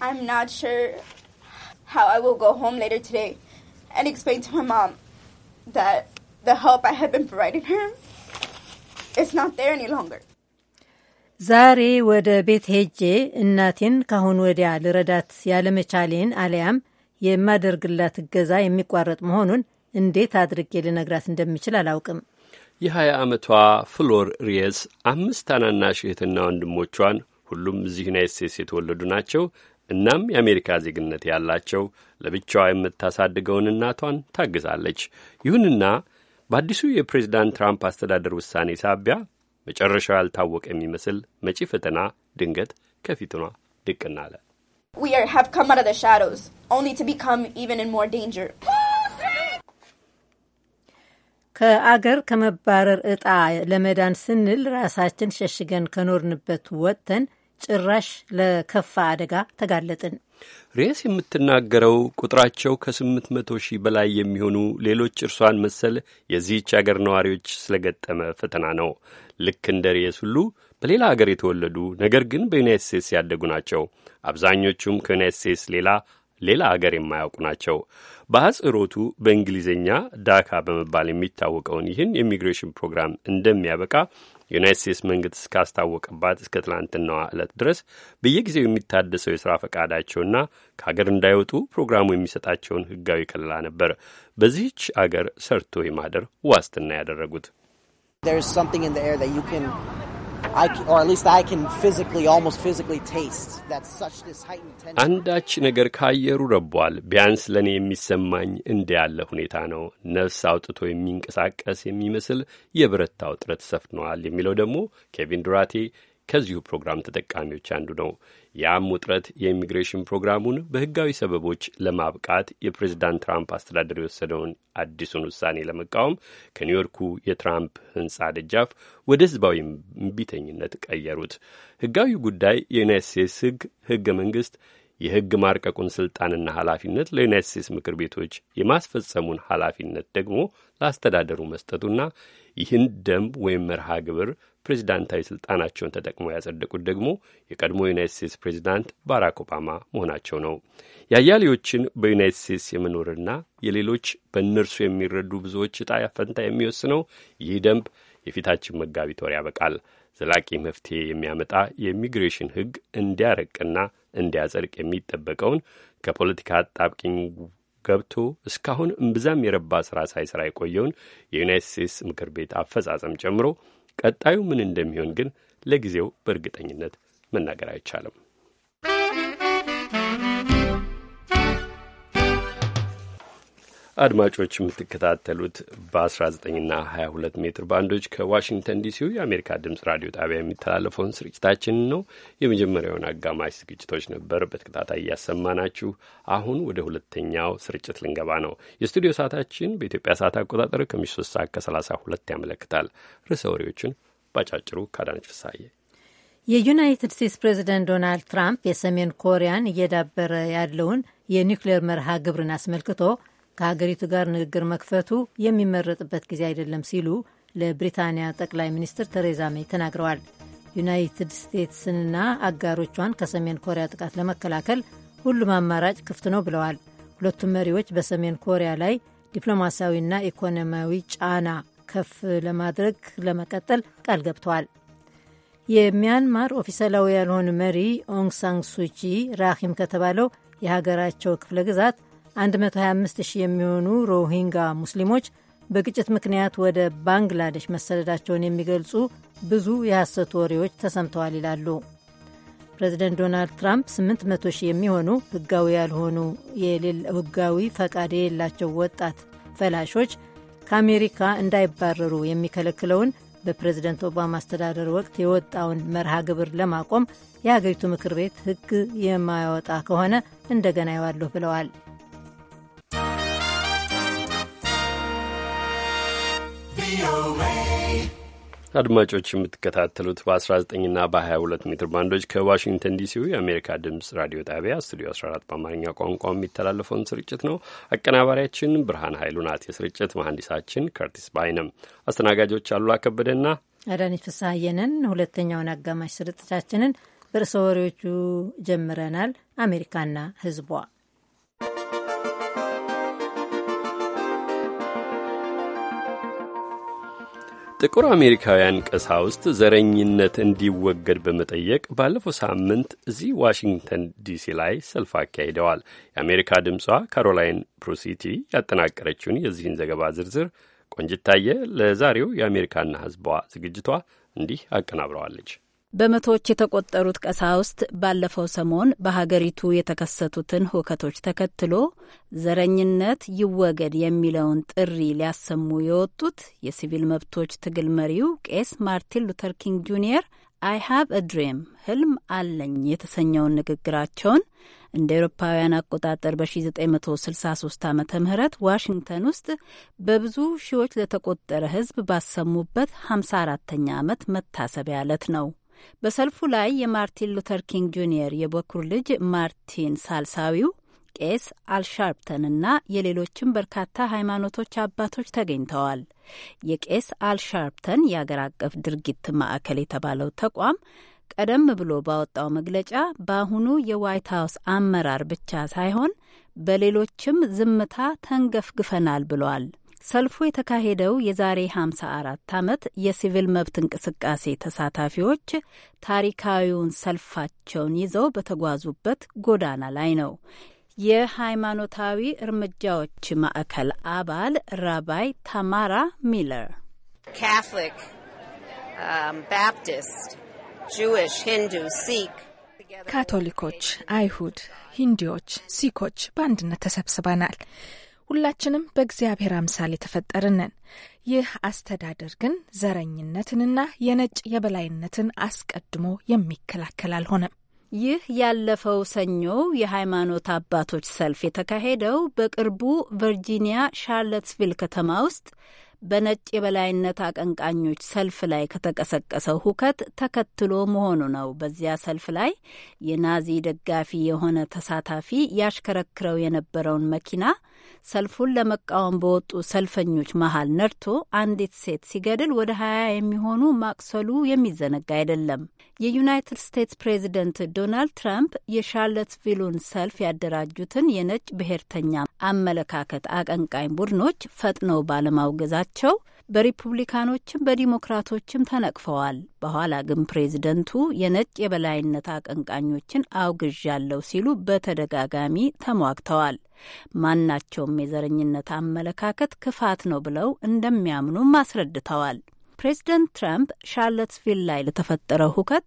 I'm not sure how I will go home later today and explain to my mom that the help I have been providing her is not there any longer. ዛሬ ወደ ቤት ሄጄ እናቴን ካሁን ወዲያ ልረዳት ያለመቻሌን አሊያም የማደርግላት እገዛ የሚቋረጥ መሆኑን እንዴት አድርጌ ልነግራት እንደምችል አላውቅም የሀያ ዓመቷ ፍሎር ሪየስ አምስት ታናናሽ እህትና ወንድሞቿን ሁሉም እዚህ ዩናይት ስቴትስ የተወለዱ ናቸው እናም የአሜሪካ ዜግነት ያላቸው ለብቻዋ የምታሳድገውን እናቷን ታግዛለች። ይሁንና በአዲሱ የፕሬዚዳንት ትራምፕ አስተዳደር ውሳኔ ሳቢያ መጨረሻው ያልታወቀ የሚመስል መጪ ፈተና ድንገት ከፊትኗ ድቅና አለ። ከአገር ከመባረር እጣ ለመዳን ስንል ራሳችን ሸሽገን ከኖርንበት ወጥተን ጭራሽ ለከፋ አደጋ ተጋለጥን። ሬስ የምትናገረው ቁጥራቸው ከስምንት መቶ ሺህ በላይ የሚሆኑ ሌሎች እርሷን መሰል የዚህች አገር ነዋሪዎች ስለገጠመ ፈተና ነው። ልክ እንደ ሬስ ሁሉ በሌላ አገር የተወለዱ ነገር ግን በዩናይት ስቴትስ ያደጉ ናቸው። አብዛኞቹም ከዩናይት ስቴትስ ሌላ ሌላ አገር የማያውቁ ናቸው። በአጽሮቱ በእንግሊዝኛ ዳካ በመባል የሚታወቀውን ይህን የኢሚግሬሽን ፕሮግራም እንደሚያበቃ የዩናይት ስቴትስ መንግስት እስካስታወቀባት እስከ ትላንትናዋ ዕለት ድረስ በየጊዜው የሚታደሰው የሥራ ፈቃዳቸውና ከሀገር እንዳይወጡ ፕሮግራሙ የሚሰጣቸውን ህጋዊ ከለላ ነበር በዚህች አገር ሰርቶ የማደር ዋስትና ያደረጉት። አንዳች ነገር ከአየሩ ረቧል። ቢያንስ ለእኔ የሚሰማኝ እንደ ያለ ሁኔታ ነው። ነፍስ አውጥቶ የሚንቀሳቀስ የሚመስል የብረታ ውጥረት ሰፍነዋል የሚለው ደግሞ ኬቪን ዱራቴ ከዚሁ ፕሮግራም ተጠቃሚዎች አንዱ ነው። ያም ውጥረት የኢሚግሬሽን ፕሮግራሙን በሕጋዊ ሰበቦች ለማብቃት የፕሬዚዳንት ትራምፕ አስተዳደር የወሰደውን አዲሱን ውሳኔ ለመቃወም ከኒውዮርኩ የትራምፕ ሕንፃ ደጃፍ ወደ ሕዝባዊ እምቢተኝነት ቀየሩት። ሕጋዊ ጉዳይ የዩናይት ስቴትስ ሕግ ሕገ መንግሥት የሕግ ማርቀቁን ስልጣንና ኃላፊነት ለዩናይት ስቴትስ ምክር ቤቶች የማስፈጸሙን ኃላፊነት ደግሞ ለአስተዳደሩ መስጠቱና ይህን ደንብ ወይም መርሃ ግብር ፕሬዚዳንታዊ ስልጣናቸውን ተጠቅመው ያጸደቁት ደግሞ የቀድሞ ዩናይት ስቴትስ ፕሬዚዳንት ባራክ ኦባማ መሆናቸው ነው። የአያሌዎችን በዩናይት ስቴትስ የመኖርና የሌሎች በእነርሱ የሚረዱ ብዙዎች እጣ ፈንታ የሚወስነው ይህ ደንብ የፊታችን መጋቢት ወር ያበቃል። ዘላቂ መፍትሄ የሚያመጣ የኢሚግሬሽን ሕግ እንዲያረቅና እንዲያጸድቅ የሚጠበቀውን ከፖለቲካ አጣብቂኝ ገብቶ እስካሁን እምብዛም የረባ ስራ ሳይሰራ የቆየውን የዩናይት ስቴትስ ምክር ቤት አፈጻጸም ጨምሮ ቀጣዩ ምን እንደሚሆን ግን ለጊዜው በእርግጠኝነት መናገር አይቻልም። አድማጮች የምትከታተሉት በ19ና 22 ሜትር ባንዶች ከዋሽንግተን ዲሲው የአሜሪካ ድምፅ ራዲዮ ጣቢያ የሚተላለፈውን ስርጭታችን ነው። የመጀመሪያውን አጋማሽ ዝግጅቶች ነበር በተከታታይ እያሰማናችሁ፣ አሁን ወደ ሁለተኛው ስርጭት ልንገባ ነው። የስቱዲዮ ሰዓታችን በኢትዮጵያ ሰዓት አቆጣጠር ከምሽቱ 3 ሰዓት ከ32 ያመለክታል። ርዕሰ ወሬዎቹን ባጫጭሩ ካዳነች ፍሳዬ። የዩናይትድ ስቴትስ ፕሬዚደንት ዶናልድ ትራምፕ የሰሜን ኮሪያን እየዳበረ ያለውን የኒውክሌር መርሃ ግብርን አስመልክቶ ከሀገሪቱ ጋር ንግግር መክፈቱ የሚመረጥበት ጊዜ አይደለም ሲሉ ለብሪታንያ ጠቅላይ ሚኒስትር ተሬዛ ሜይ ተናግረዋል። ዩናይትድ ስቴትስንና አጋሮቿን ከሰሜን ኮሪያ ጥቃት ለመከላከል ሁሉም አማራጭ ክፍት ነው ብለዋል። ሁለቱም መሪዎች በሰሜን ኮሪያ ላይ ዲፕሎማሲያዊና ኢኮኖሚያዊ ጫና ከፍ ለማድረግ ለመቀጠል ቃል ገብተዋል። የሚያንማር ኦፊሰላዊ ያልሆነ መሪ ኦንግ ሳን ሱቺ ራኪም ከተባለው የሀገራቸው ክፍለ ግዛት 125 ሺህ የሚሆኑ ሮሂንጋ ሙስሊሞች በግጭት ምክንያት ወደ ባንግላዴሽ መሰደዳቸውን የሚገልጹ ብዙ የሐሰት ወሬዎች ተሰምተዋል ይላሉ። ፕሬዚደንት ዶናልድ ትራምፕ 800 ሺህ የሚሆኑ ህጋዊ ያልሆኑ ህጋዊ ፈቃድ የሌላቸው ወጣት ፈላሾች ከአሜሪካ እንዳይባረሩ የሚከለክለውን በፕሬዝደንት ኦባማ አስተዳደር ወቅት የወጣውን መርሃ ግብር ለማቆም የሀገሪቱ ምክር ቤት ህግ የማያወጣ ከሆነ እንደገና ይዋለሁ ብለዋል። አድማጮች የምትከታተሉት በ19ና በ22 ሜትር ባንዶች ከዋሽንግተን ዲሲው የአሜሪካ ድምፅ ራዲዮ ጣቢያ ስቱዲዮ 14 በአማርኛ ቋንቋ የሚተላለፈውን ስርጭት ነው። አቀናባሪያችን ብርሃን ኃይሉ ናት። የስርጭት መሐንዲሳችን ከርቲስ ባይነም፣ አስተናጋጆች አሉላ ከበደና አዳነች ፍስሐየንን። ሁለተኛውን አጋማሽ ስርጭታችንን በርዕሰ ወሬዎቹ ጀምረናል። አሜሪካና ህዝቧ ጥቁር አሜሪካውያን ቀሳውስት ዘረኝነት እንዲወገድ በመጠየቅ ባለፈው ሳምንት እዚህ ዋሽንግተን ዲሲ ላይ ሰልፍ አካሂደዋል። የአሜሪካ ድምጿ ካሮላይን ፕሩሲቲ ያጠናቀረችውን የዚህን ዘገባ ዝርዝር ቆንጅታየ ለዛሬው የአሜሪካና ሕዝቧ ዝግጅቷ እንዲህ አቀናብረዋለች። በመቶዎች የተቆጠሩት ቀሳውስት ባለፈው ሰሞን በሀገሪቱ የተከሰቱትን ሁከቶች ተከትሎ ዘረኝነት ይወገድ የሚለውን ጥሪ ሊያሰሙ የወጡት የሲቪል መብቶች ትግል መሪው ቄስ ማርቲን ሉተር ኪንግ ጁኒየር አይ ሃቭ አ ህልም አለኝ የተሰኘውን ንግግራቸውን እንደ ኤሮፓውያን አቆጣጠር በ1963 ዓ ም ዋሽንግተን ውስጥ በብዙ ሺዎች ለተቆጠረ ህዝብ ባሰሙበት 54ተኛ ዓመት መታሰቢያ ዕለት ነው። በሰልፉ ላይ የማርቲን ሉተር ኪንግ ጁኒየር የበኩር ልጅ ማርቲን ሳልሳዊው ቄስ አልሻርፕተንና የሌሎችም በርካታ ሃይማኖቶች አባቶች ተገኝተዋል። የቄስ አልሻርፕተን የአገር አቀፍ ድርጊት ማዕከል የተባለው ተቋም ቀደም ብሎ ባወጣው መግለጫ በአሁኑ የዋይት ሀውስ አመራር ብቻ ሳይሆን በሌሎችም ዝምታ ተንገፍግፈናል ብሏል። ሰልፉ የተካሄደው የዛሬ 54 ዓመት የሲቪል መብት እንቅስቃሴ ተሳታፊዎች ታሪካዊውን ሰልፋቸውን ይዘው በተጓዙበት ጎዳና ላይ ነው። የሃይማኖታዊ እርምጃዎች ማዕከል አባል ራባይ ታማራ ሚለር ካቶሊክ፣ ባፕቲስት፣ ጁዊሽ፣ ሂንዱ፣ ሲክ ካቶሊኮች፣ አይሁድ፣ ሂንዲዎች፣ ሲኮች በአንድነት ተሰብስበናል። ሁላችንም በእግዚአብሔር አምሳል የተፈጠርንን። ይህ አስተዳደር ግን ዘረኝነትንና የነጭ የበላይነትን አስቀድሞ የሚከላከል አልሆነም። ይህ ያለፈው ሰኞ የሃይማኖት አባቶች ሰልፍ የተካሄደው በቅርቡ ቨርጂኒያ ሻርለትስቪል ከተማ ውስጥ በነጭ የበላይነት አቀንቃኞች ሰልፍ ላይ ከተቀሰቀሰው ሁከት ተከትሎ መሆኑ ነው። በዚያ ሰልፍ ላይ የናዚ ደጋፊ የሆነ ተሳታፊ ያሽከረክረው የነበረውን መኪና ሰልፉን ለመቃወም በወጡ ሰልፈኞች መሀል ነድቶ አንዲት ሴት ሲገድል ወደ ሀያ የሚሆኑ ማቅሰሉ የሚዘነጋ አይደለም። የዩናይትድ ስቴትስ ፕሬዚደንት ዶናልድ ትራምፕ የሻርለትስቪሉን ሰልፍ ያደራጁትን የነጭ ብሔርተኛ አመለካከት አቀንቃኝ ቡድኖች ፈጥነው ባለማውገዛቸው መሆናቸው በሪፑብሊካኖችም በዲሞክራቶችም ተነቅፈዋል። በኋላ ግን ፕሬዝደንቱ የነጭ የበላይነት አቀንቃኞችን አውግዣለሁ ሲሉ በተደጋጋሚ ተሟግተዋል። ማናቸውም የዘረኝነት አመለካከት ክፋት ነው ብለው እንደሚያምኑም አስረድተዋል። ፕሬዝደንት ትራምፕ ሻርለትስቪል ላይ ለተፈጠረው ሁከት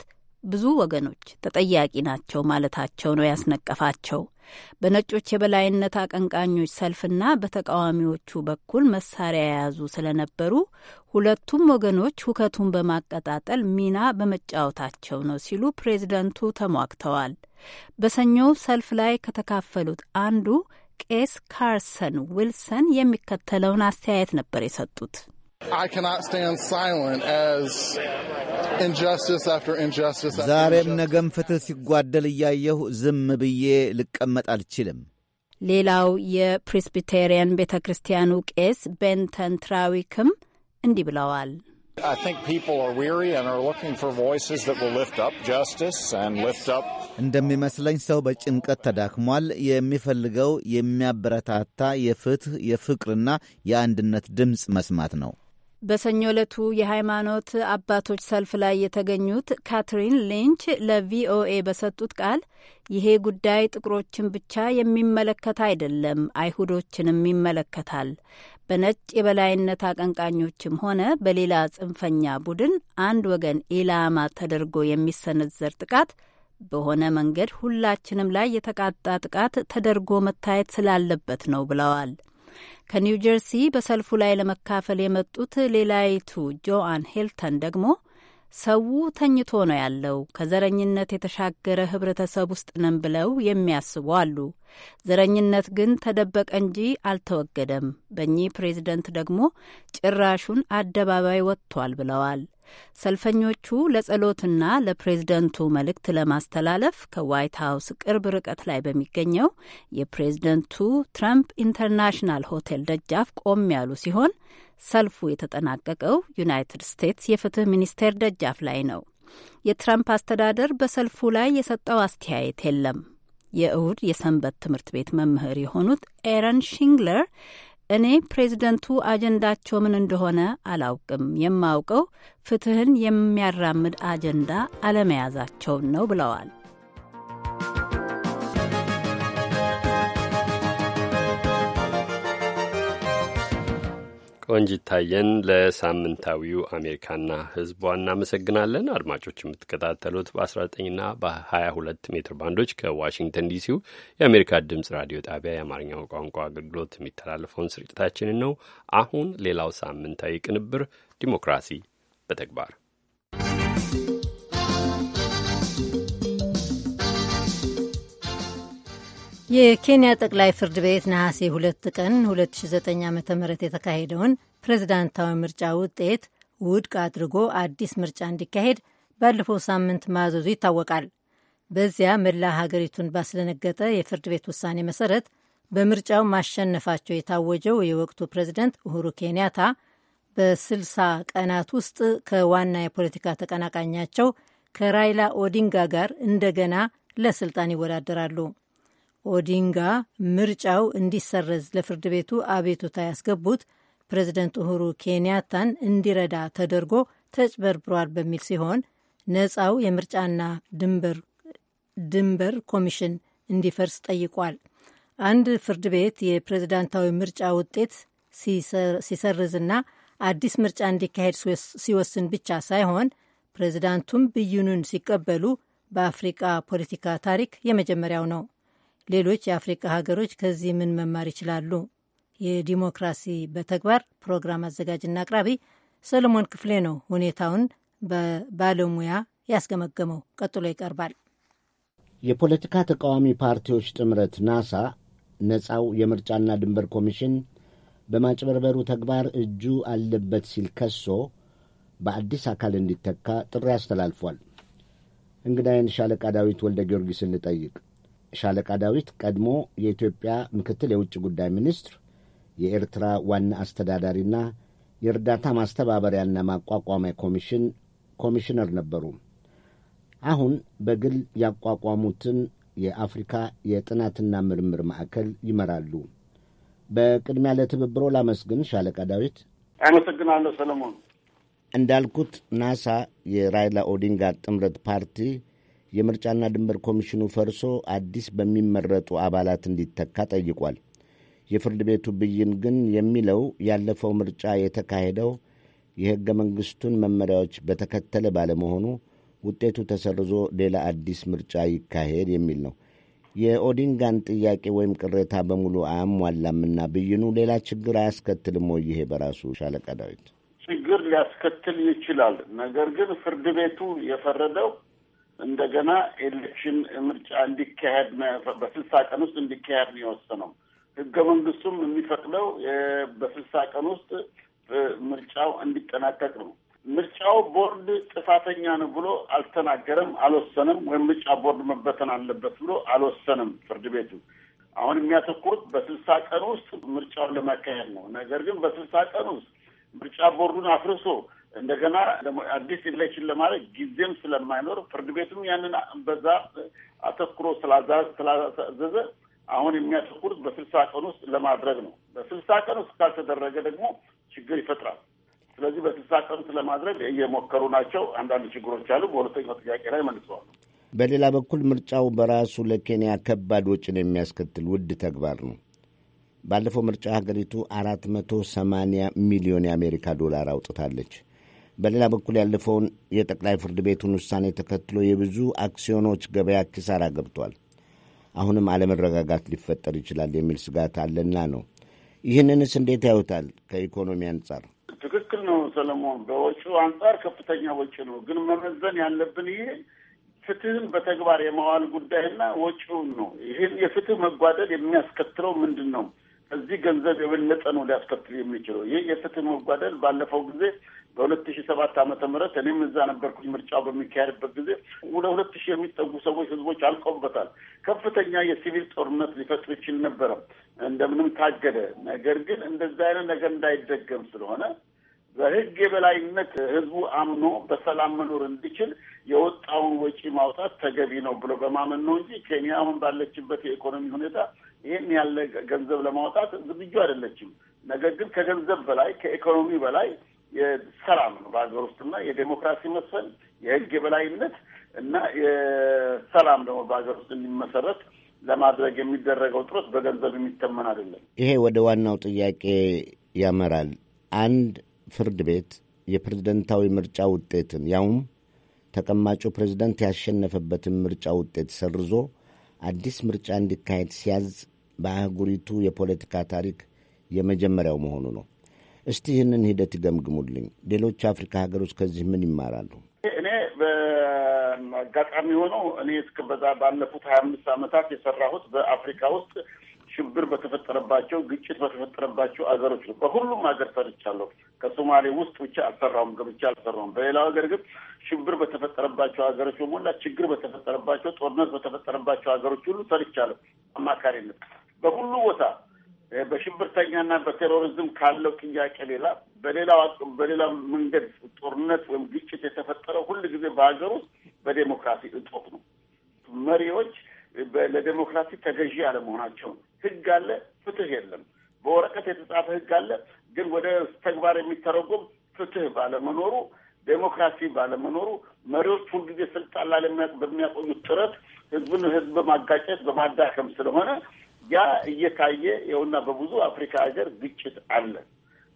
ብዙ ወገኖች ተጠያቂ ናቸው ማለታቸው ነው ያስነቀፋቸው። በነጮች የበላይነት አቀንቃኞች ሰልፍና በተቃዋሚዎቹ በኩል መሳሪያ የያዙ ስለነበሩ ሁለቱም ወገኖች ሁከቱን በማቀጣጠል ሚና በመጫወታቸው ነው ሲሉ ፕሬዝደንቱ ተሟግተዋል። በሰኞው ሰልፍ ላይ ከተካፈሉት አንዱ ቄስ ካርሰን ዊልሰን የሚከተለውን አስተያየት ነበር የሰጡት። ዛሬም ነገም ፍትህ ሲጓደል እያየሁ ዝም ብዬ ልቀመጥ አልችልም። ሌላው የፕሬስቢቴሪያን ቤተ ክርስቲያኑ ቄስ ቤንተን ትራዊክም እንዲህ ብለዋል። እንደሚመስለኝ ሰው በጭንቀት ተዳክሟል። የሚፈልገው የሚያበረታታ የፍትሕ የፍቅርና የአንድነት ድምፅ መስማት ነው። በሰኞ ዕለቱ የሃይማኖት አባቶች ሰልፍ ላይ የተገኙት ካትሪን ሊንች ለቪኦኤ በሰጡት ቃል ይሄ ጉዳይ ጥቁሮችን ብቻ የሚመለከት አይደለም፣ አይሁዶችንም ይመለከታል። በነጭ የበላይነት አቀንቃኞችም ሆነ በሌላ ጽንፈኛ ቡድን አንድ ወገን ኢላማ ተደርጎ የሚሰነዘር ጥቃት በሆነ መንገድ ሁላችንም ላይ የተቃጣ ጥቃት ተደርጎ መታየት ስላለበት ነው ብለዋል። ከኒው ጀርሲ በሰልፉ ላይ ለመካፈል የመጡት ሌላይቱ ጆአን ሄልተን ደግሞ ሰው ተኝቶ ነው ያለው፣ ከዘረኝነት የተሻገረ ህብረተሰብ ውስጥ ነን ብለው የሚያስቡ አሉ። ዘረኝነት ግን ተደበቀ እንጂ አልተወገደም። በእኚህ ፕሬዚደንት ደግሞ ጭራሹን አደባባይ ወጥቷል ብለዋል። ሰልፈኞቹ ለጸሎትና ለፕሬዝደንቱ መልእክት ለማስተላለፍ ከዋይት ሀውስ ቅርብ ርቀት ላይ በሚገኘው የፕሬዝደንቱ ትራምፕ ኢንተርናሽናል ሆቴል ደጃፍ ቆም ያሉ ሲሆን ሰልፉ የተጠናቀቀው ዩናይትድ ስቴትስ የፍትህ ሚኒስቴር ደጃፍ ላይ ነው። የትራምፕ አስተዳደር በሰልፉ ላይ የሰጠው አስተያየት የለም። የእሁድ የሰንበት ትምህርት ቤት መምህር የሆኑት ኤረን ሽንግለር እኔ ፕሬዚደንቱ አጀንዳቸው ምን እንደሆነ አላውቅም። የማውቀው ፍትህን የሚያራምድ አጀንዳ አለመያዛቸውን ነው ብለዋል። ቆንጂት ታየን ለሳምንታዊው አሜሪካና ህዝቧ እናመሰግናለን። አድማጮች የምትከታተሉት በ19ና በ22 ሜትር ባንዶች ከዋሽንግተን ዲሲው የአሜሪካ ድምፅ ራዲዮ ጣቢያ የአማርኛው ቋንቋ አገልግሎት የሚተላለፈውን ስርጭታችንን ነው። አሁን ሌላው ሳምንታዊ ቅንብር ዲሞክራሲ በተግባር የኬንያ ጠቅላይ ፍርድ ቤት ነሐሴ ሁለት ቀን 2009 ዓ ም የተካሄደውን ፕሬዝዳንታዊ ምርጫ ውጤት ውድቅ አድርጎ አዲስ ምርጫ እንዲካሄድ ባለፈው ሳምንት ማዘዙ ይታወቃል። በዚያ መላ ሀገሪቱን ባስደነገጠ የፍርድ ቤት ውሳኔ መሰረት በምርጫው ማሸነፋቸው የታወጀው የወቅቱ ፕሬዝደንት ኡሁሩ ኬንያታ በ60 ቀናት ውስጥ ከዋና የፖለቲካ ተቀናቃኛቸው ከራይላ ኦዲንጋ ጋር እንደገና ለስልጣን ይወዳደራሉ። ኦዲንጋ ምርጫው እንዲሰረዝ ለፍርድ ቤቱ አቤቱታ ያስገቡት ፕሬዚደንት ኡሁሩ ኬንያታን እንዲረዳ ተደርጎ ተጭበርብሯል በሚል ሲሆን ነፃው የምርጫና ድንበር ኮሚሽን እንዲፈርስ ጠይቋል። አንድ ፍርድ ቤት የፕሬዝዳንታዊ ምርጫ ውጤት ሲሰርዝና አዲስ ምርጫ እንዲካሄድ ሲወስን ብቻ ሳይሆን ፕሬዝዳንቱም ብይኑን ሲቀበሉ በአፍሪቃ ፖለቲካ ታሪክ የመጀመሪያው ነው። ሌሎች የአፍሪካ ሀገሮች ከዚህ ምን መማር ይችላሉ? የዲሞክራሲ በተግባር ፕሮግራም አዘጋጅና አቅራቢ ሰለሞን ክፍሌ ነው ሁኔታውን በባለሙያ ያስገመገመው። ቀጥሎ ይቀርባል። የፖለቲካ ተቃዋሚ ፓርቲዎች ጥምረት ናሳ ነፃው የምርጫና ድንበር ኮሚሽን በማጭበርበሩ ተግባር እጁ አለበት ሲል ከሶ በአዲስ አካል እንዲተካ ጥሪ አስተላልፏል። እንግዳዬን ሻለቃ ዳዊት ወልደ ጊዮርጊስን ልጠይቅ። ሻለቃ ዳዊት ቀድሞ የኢትዮጵያ ምክትል የውጭ ጉዳይ ሚኒስትር፣ የኤርትራ ዋና አስተዳዳሪና የእርዳታ ማስተባበሪያና ማቋቋሚያ ኮሚሽን ኮሚሽነር ነበሩ። አሁን በግል ያቋቋሙትን የአፍሪካ የጥናትና ምርምር ማዕከል ይመራሉ። በቅድሚያ ለትብብሮ ላመስግን ሻለቃ ዳዊት። አመሰግናለሁ ሰለሞን። እንዳልኩት ናሳ የራይላ ኦዲንጋ ጥምረት ፓርቲ የምርጫና ድንበር ኮሚሽኑ ፈርሶ አዲስ በሚመረጡ አባላት እንዲተካ ጠይቋል። የፍርድ ቤቱ ብይን ግን የሚለው ያለፈው ምርጫ የተካሄደው የሕገ መንግሥቱን መመሪያዎች በተከተለ ባለመሆኑ ውጤቱ ተሰርዞ ሌላ አዲስ ምርጫ ይካሄድ የሚል ነው። የኦዲንጋን ጥያቄ ወይም ቅሬታ በሙሉ አያሟላምና ብይኑ ሌላ ችግር አያስከትልም ወይ? ይሄ በራሱ ሻለቃ ዳዊት ችግር ሊያስከትል ይችላል። ነገር ግን ፍርድ ቤቱ የፈረደው እንደገና ኤሌክሽን ምርጫ እንዲካሄድ በስልሳ ቀን ውስጥ እንዲካሄድ ነው የወሰነው። ህገ መንግስቱም የሚፈቅደው በስልሳ ቀን ውስጥ ምርጫው እንዲጠናቀቅ ነው። ምርጫው ቦርድ ጥፋተኛ ነው ብሎ አልተናገረም፣ አልወሰንም። ወይም ምርጫ ቦርድ መበተን አለበት ብሎ አልወሰንም ፍርድ ቤቱ። አሁን የሚያተኩሩት በስልሳ ቀን ውስጥ ምርጫውን ለማካሄድ ነው። ነገር ግን በስልሳ ቀን ውስጥ ምርጫ ቦርዱን አፍርሶ እንደገና ደግሞ አዲስ ኢሌክሽን ለማድረግ ጊዜም ስለማይኖር ፍርድ ቤቱም ያንን በዛ አተኩሮ ስላዘዘ አሁን የሚያተኩሩት በስልሳ ቀን ውስጥ ለማድረግ ነው። በስልሳ ቀን ውስጥ ካልተደረገ ደግሞ ችግር ይፈጥራል። ስለዚህ በስልሳ ቀን ውስጥ ለማድረግ እየሞከሩ ናቸው። አንዳንድ ችግሮች አሉ። በሁለተኛው ጥያቄ ላይ መልሰዋል። በሌላ በኩል ምርጫው በራሱ ለኬንያ ከባድ ወጭን የሚያስከትል ውድ ተግባር ነው። ባለፈው ምርጫ ሀገሪቱ አራት መቶ ሰማንያ ሚሊዮን የአሜሪካ ዶላር አውጥታለች። በሌላ በኩል ያለፈውን የጠቅላይ ፍርድ ቤቱን ውሳኔ ተከትሎ የብዙ አክሲዮኖች ገበያ ኪሳራ ገብቷል። አሁንም አለመረጋጋት ሊፈጠር ይችላል የሚል ስጋት አለና ነው። ይህንንስ እንዴት ያዩታል? ከኢኮኖሚ አንጻር ትክክል ነው ሰለሞን። በወጪው አንጻር ከፍተኛ ወጪ ነው፣ ግን መመዘን ያለብን ይሄ ፍትህን በተግባር የማዋል ጉዳይና ወጪውን ነው። ይህን የፍትህ መጓደል የሚያስከትለው ምንድን ነው? ከዚህ ገንዘብ የበለጠ ነው ሊያስከትል የሚችለው። ይህ የፍትህ መጓደል ባለፈው ጊዜ በሁለት ሺ ሰባት ዓመተ ምህረት እኔም እዛ ነበርኩኝ። ምርጫው በሚካሄድበት ጊዜ ወደ ሁለት ሺ የሚጠጉ ሰዎች ህዝቦች አልቀውበታል። ከፍተኛ የሲቪል ጦርነት ሊፈጥር ይችል ነበረ። እንደምንም ታገደ። ነገር ግን እንደዚ አይነት ነገር እንዳይደገም ስለሆነ በህግ የበላይነት ህዝቡ አምኖ በሰላም መኖር እንዲችል የወጣውን ወጪ ማውጣት ተገቢ ነው ብሎ በማመን ነው እንጂ ኬንያ አሁን ባለችበት የኢኮኖሚ ሁኔታ ይህን ያለ ገንዘብ ለማውጣት ዝግጁ አይደለችም። ነገር ግን ከገንዘብ በላይ ከኢኮኖሚ በላይ የሰላም ነው በሀገር ውስጥና የዴሞክራሲ መስፈን የህግ የበላይነት እና የሰላም ደግሞ በሀገር ውስጥ እንዲመሰረት ለማድረግ የሚደረገው ጥረት በገንዘብ የሚተመን አይደለም። ይሄ ወደ ዋናው ጥያቄ ያመራል። አንድ ፍርድ ቤት የፕሬዝደንታዊ ምርጫ ውጤትን ያውም ተቀማጩ ፕሬዝደንት ያሸነፈበትን ምርጫ ውጤት ሰርዞ አዲስ ምርጫ እንዲካሄድ ሲያዝ በአህጉሪቱ የፖለቲካ ታሪክ የመጀመሪያው መሆኑ ነው። እስቲ ይህንን ሂደት ይገምግሙልኝ። ሌሎች አፍሪካ ሀገሮች ከዚህ ምን ይማራሉ? እኔ በአጋጣሚ ሆነው እኔ እስከ በዛ ባለፉት ሀያ አምስት አመታት የሰራሁት በአፍሪካ ውስጥ ሽብር በተፈጠረባቸው ግጭት በተፈጠረባቸው አገሮች ነው። በሁሉም ሀገር ሰርቻለሁ። ከሶማሌ ውስጥ ብቻ አልሰራሁም፣ ገብቼ አልሰራሁም። በሌላው ሀገር ግን ሽብር በተፈጠረባቸው ሀገሮች በሞላ ችግር በተፈጠረባቸው ጦርነት በተፈጠረባቸው ሀገሮች ሁሉ ሰርቻለሁ አማካሪነት በሁሉ ቦታ በሽብርተኛና በቴሮሪዝም ካለው ጥያቄ ሌላ በሌላ በሌላ መንገድ ጦርነት ወይም ግጭት የተፈጠረው ሁል ጊዜ በሀገር ውስጥ በዴሞክራሲ እጦት ነው። መሪዎች ለዴሞክራሲ ተገዢ አለመሆናቸው ህግ አለ፣ ፍትህ የለም። በወረቀት የተጻፈ ህግ አለ፣ ግን ወደ ተግባር የሚተረጎም ፍትህ ባለመኖሩ፣ ዴሞክራሲ ባለመኖሩ መሪዎች ሁልጊዜ ስልጣን ላይ በሚያቆዩት ጥረት ህዝብን ህዝብ በማጋጨት በማዳከም ስለሆነ ያ እየታየ ይኸውና በብዙ አፍሪካ ሀገር ግጭት አለ።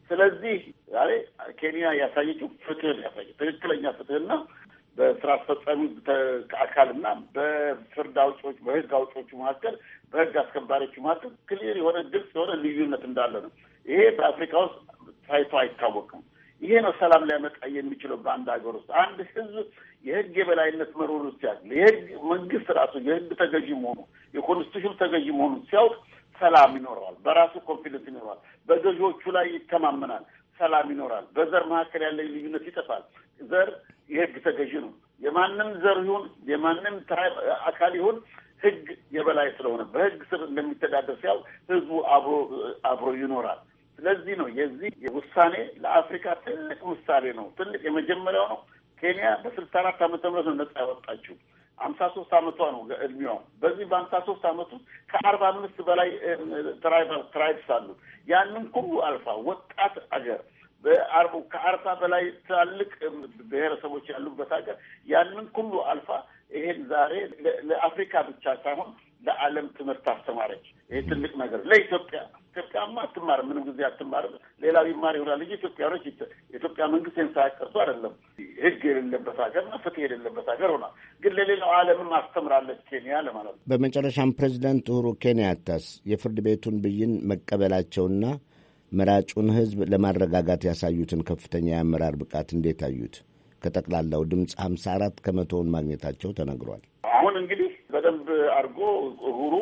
ስለዚህ ዛሬ ኬንያ ያሳየችው ፍትህን ያሳየ ትክክለኛ ፍትህና በስራ አስፈጻሚ አካልና በፍርድ አውጪዎች በህግ አውጪዎቹ መካከል በህግ አስከባሪዎቹ መካከል ክሊር የሆነ ግልጽ የሆነ ልዩነት እንዳለ ነው። ይሄ በአፍሪካ ውስጥ ታይቶ አይታወቅም። ይሄ ነው ሰላም ሊያመጣ የሚችለው በአንድ ሀገር ውስጥ አንድ ህዝብ የህግ የበላይነት መኖር ውስጥ ያለ የህግ መንግስት ራሱ የህግ ተገዢ መሆኑ የኮንስቲቱሽን ተገዥ መሆኑን ሲያውቅ ሰላም ይኖረዋል። በራሱ ኮንፊደንስ ይኖረዋል። በገዢዎቹ ላይ ይተማመናል። ሰላም ይኖራል። በዘር መካከል ያለ ልዩነት ይጠፋል። ዘር የህግ ተገዢ ነው። የማንም ዘር ይሁን የማንም አካል ይሁን ህግ የበላይ ስለሆነ በህግ ስር እንደሚተዳደር ሲያው ህዝቡ አብሮ አብሮ ይኖራል። ስለዚህ ነው የዚህ ውሳኔ ለአፍሪካ ትልቅ ምሳሌ ነው። ትልቅ የመጀመሪያው ነው። ኬንያ በስልሳ አራት ዓመተ ምህረት ነው ነጻ ያወጣችው። አምሳ ሶስት አመቷ ነው እድሜዋ። በዚህ በአምሳ ሶስት አመቱ ከአርባ አምስት በላይ ትራይብስ አሉ። ያንን ሁሉ አልፋ ወጣት አገር ከአርባ በላይ ትላልቅ ብሔረሰቦች ያሉበት ሀገር ያንን ሁሉ አልፋ ይሄን ዛሬ ለአፍሪካ ብቻ ሳይሆን ለዓለም ትምህርት አስተማረች። ይሄ ትልቅ ነገር ለኢትዮጵያ ኢትዮጵያማ አትማርም፣ ምንም ጊዜ አትማር ሌላ ቢማር ይሆናል እንጂ ኢትዮጵያኖች የኢትዮጵያ መንግስት ይህን ሳያቀርቱ አይደለም። ህግ የሌለበት ሀገርና ፍትህ የሌለበት ሀገር ሆናል ግን ለሌላው ዓለምም አስተምራለች ኬንያ ለማለት ነው። በመጨረሻም ፕሬዚደንት ኡሁሩ ኬንያታስ የፍርድ ቤቱን ብይን መቀበላቸውና መራጩን ህዝብ ለማረጋጋት ያሳዩትን ከፍተኛ የአመራር ብቃት እንዴት አዩት? ከጠቅላላው ድምፅ ሀምሳ አራት ከመቶውን ማግኘታቸው ተነግሯል። አሁን እንግዲህ በደንብ አድርጎ እሁሩ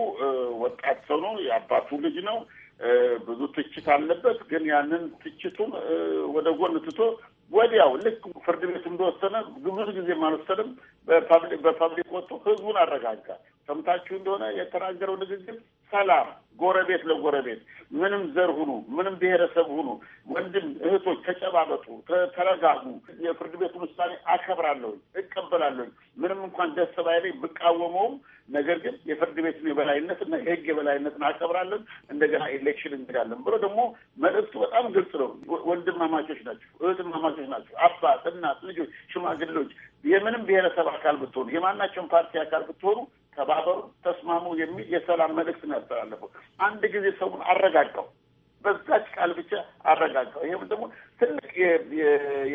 ወጣት ሰው ነው። የአባቱ ልጅ ነው። ብዙ ትችት አለበት። ግን ያንን ትችቱን ወደ ጎን ትቶ ወዲያው ልክ ፍርድ ቤት እንደወሰነ ብዙ ጊዜ አልወሰንም፣ በፐብሊክ ወጥቶ ህዝቡን አረጋጋ። ሰምታችሁ እንደሆነ የተናገረው ንግግር ሰላም ጎረቤት ለጎረቤት ምንም ዘር ሁኑ፣ ምንም ብሔረሰብ ሁኑ፣ ወንድም እህቶች ተጨባበጡ፣ ተረጋጉ። የፍርድ ቤቱን ውሳኔ አከብራለሁ እቀበላለሁ ምንም እንኳን ደስ ባይለኝ ብቃወመውም፣ ነገር ግን የፍርድ ቤቱን የበላይነት እና የህግ የበላይነትን አከብራለን። እንደገና ኤሌክሽን እንሄዳለን ብሎ ደግሞ መልእክቱ በጣም ግልጽ ነው። ወንድማማቾች ናቸው፣ እህትማማቾች ናቸው። አባት፣ እናት፣ ልጆች፣ ሽማግሌዎች የምንም ብሔረሰብ አካል ብትሆኑ የማናቸውም ፓርቲ አካል ብትሆኑ ተባበሩ፣ ተስማሙ የሚል የሰላም መልእክት ነው ያስተላለፈው። አንድ ጊዜ ሰውን አረጋጋው፣ በዛች ቃል ብቻ አረጋጋው። ይሄም ደግሞ ትልቅ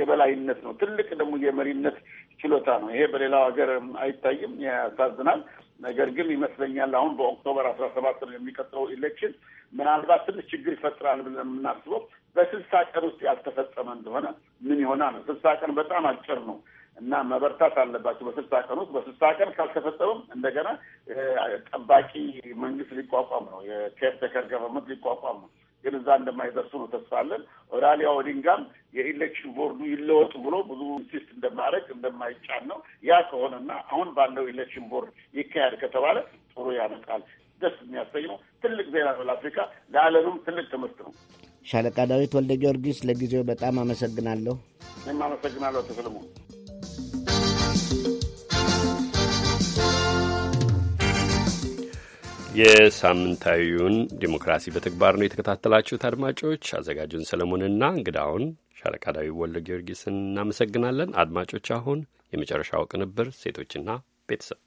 የበላይነት ነው፣ ትልቅ ደግሞ የመሪነት ችሎታ ነው። ይሄ በሌላው ሀገር አይታይም፣ ያሳዝናል። ነገር ግን ይመስለኛል አሁን በኦክቶበር አስራ ሰባት ነው የሚቀጥለው ኢሌክሽን ምናልባት ትንሽ ችግር ይፈጥራል ብለን የምናስበው በስልሳ ቀን ውስጥ ያልተፈጸመ እንደሆነ ምን ይሆናል? ስልሳ ቀን በጣም አጭር ነው። እና መበርታት አለባቸው። በስልሳ ቀን ውስጥ በስልሳ ቀን ካልተፈጸመም እንደገና ጠባቂ መንግስት ሊቋቋም ነው። የኬርቴከር ገቨርመንት ሊቋቋም ነው። ግን እዛ እንደማይደርሱ ነው ተስፋለን። አለን። ኦራሊያ ኦዲንጋም የኢሌክሽን ቦርዱ ይለወጡ ብሎ ብዙ ኢንሲስት እንደማድረግ እንደማይጫን ነው። ያ ከሆነና አሁን ባለው ኢሌክሽን ቦርድ ይካሄድ ከተባለ ጥሩ ያመጣል። ደስ የሚያሰኝ ነው። ትልቅ ዜና ነው ለአፍሪካ፣ ለዓለምም ትልቅ ትምህርት ነው። ሻለቃ ዳዊት ወልደ ጊዮርጊስ፣ ለጊዜው በጣም አመሰግናለሁ። እኔም አመሰግናለሁ ተሰለሞን። የሳምንታዊውን ዴሞክራሲ በተግባር ነው የተከታተላችሁት። አድማጮች አዘጋጁን ሰለሞንና እንግዳውን ሻለቃ ዳዊት ወልደ ጊዮርጊስን እናመሰግናለን። አድማጮች አሁን የመጨረሻው ቅንብር ሴቶችና ቤተሰብ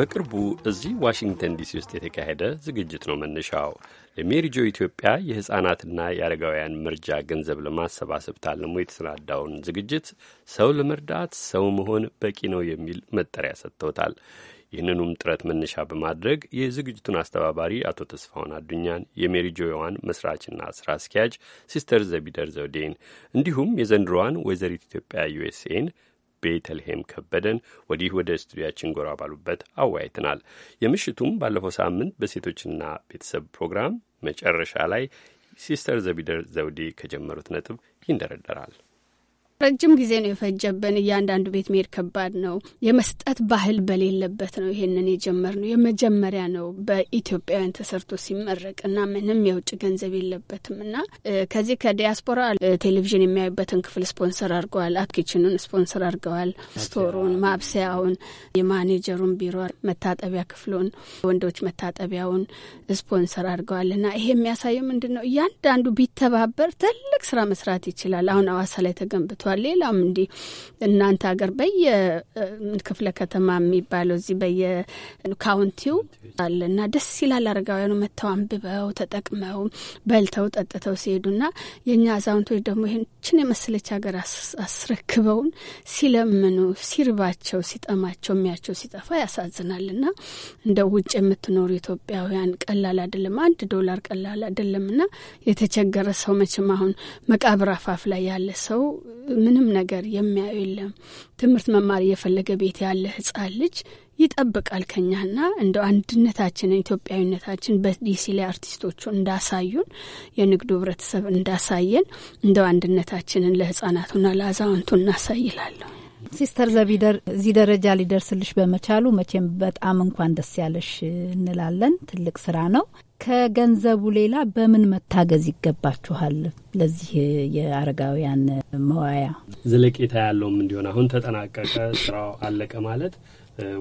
በቅርቡ እዚህ ዋሽንግተን ዲሲ ውስጥ የተካሄደ ዝግጅት ነው መነሻው። ለሜሪጆ ኢትዮጵያ የሕፃናትና የአረጋውያን መርጃ ገንዘብ ለማሰባሰብ ታልሞ የተሰናዳውን ዝግጅት ሰው ለመርዳት ሰው መሆን በቂ ነው የሚል መጠሪያ ሰጥተውታል። ይህንኑም ጥረት መነሻ በማድረግ የዝግጅቱን አስተባባሪ አቶ ተስፋውን አዱኛን፣ የሜሪጆዋን መስራችና ስራ አስኪያጅ ሲስተር ዘቢደር ዘውዴን እንዲሁም የዘንድሮዋን ወይዘሪት ኢትዮጵያ ዩኤስኤን ቤተልሔም ከበደን ወዲህ ወደ ስቱዲያችን ጎራ ባሉበት አወያይተናል። የምሽቱም ባለፈው ሳምንት በሴቶችና ቤተሰብ ፕሮግራም መጨረሻ ላይ ሲስተር ዘቢደር ዘውዴ ከጀመሩት ነጥብ ይንደረደራል። ረጅም ጊዜ ነው የፈጀብን። እያንዳንዱ ቤት መሄድ ከባድ ነው። የመስጠት ባህል በሌለበት ነው ይሄንን የጀመርነው። የመጀመሪያ ነው በኢትዮጵያውያን ተሰርቶ ሲመረቅ እና ምንም የውጭ ገንዘብ የለበትም እና ከዚህ ከዲያስፖራ ቴሌቪዥን የሚያዩበትን ክፍል ስፖንሰር አድርገዋል። አትኪችኑን ስፖንሰር አድርገዋል። ስቶሩን፣ ማብሰያውን፣ የማኔጀሩን ቢሮ፣ መታጠቢያ ክፍሉን፣ ወንዶች መታጠቢያውን ስፖንሰር አድርገዋል እና ይሄ የሚያሳየው ምንድን ነው እያንዳንዱ ቢተባበር ትልቅ ስራ መስራት ይችላል። አሁን አዋሳ ላይ ተገንብቷል። ተዘጋጅቷል። ሌላም እንዲህ እናንተ ሀገር በየ ክፍለ ከተማ የሚባለው እዚህ በየ ካውንቲው አለ እና ደስ ይላል። አረጋውያኑ መጥተው አንብበው ተጠቅመው በልተው ጠጥተው ሲሄዱ እና የእኛ አዛውንቶች ደግሞ ይህችን የመሰለች ሀገር አስረክበውን ሲለምኑ ሲርባቸው ሲጠማቸው የሚያቸው ሲጠፋ ያሳዝናል። እና እንደ ውጭ የምትኖሩ ኢትዮጵያውያን ቀላል አይደለም፣ አንድ ዶላር ቀላል አይደለም። እና የተቸገረ ሰው መቼም አሁን መቃብር አፋፍ ላይ ያለ ሰው ምንም ነገር የሚያዩ የለም። ትምህርት መማር እየፈለገ ቤት ያለ ህጻን ልጅ ይጠብቃል ከኛና እንደ አንድነታችን ኢትዮጵያዊነታችን በዲሲ ላይ አርቲስቶቹ እንዳሳዩን የንግዱ ህብረተሰብ እንዳሳየን እንደ አንድነታችንን ለህጻናቱና ለአዛውንቱ እናሳይላለሁ። ሲስተር ዘቢደር እዚህ ደረጃ ሊደርስልሽ በመቻሉ መቼም በጣም እንኳን ደስ ያለሽ እንላለን። ትልቅ ስራ ነው። ከገንዘቡ ሌላ በምን መታገዝ ይገባችኋል? ለዚህ የአረጋውያን መዋያ ዘለቄታ ያለውም እንዲሆን አሁን ተጠናቀቀ ስራው አለቀ ማለት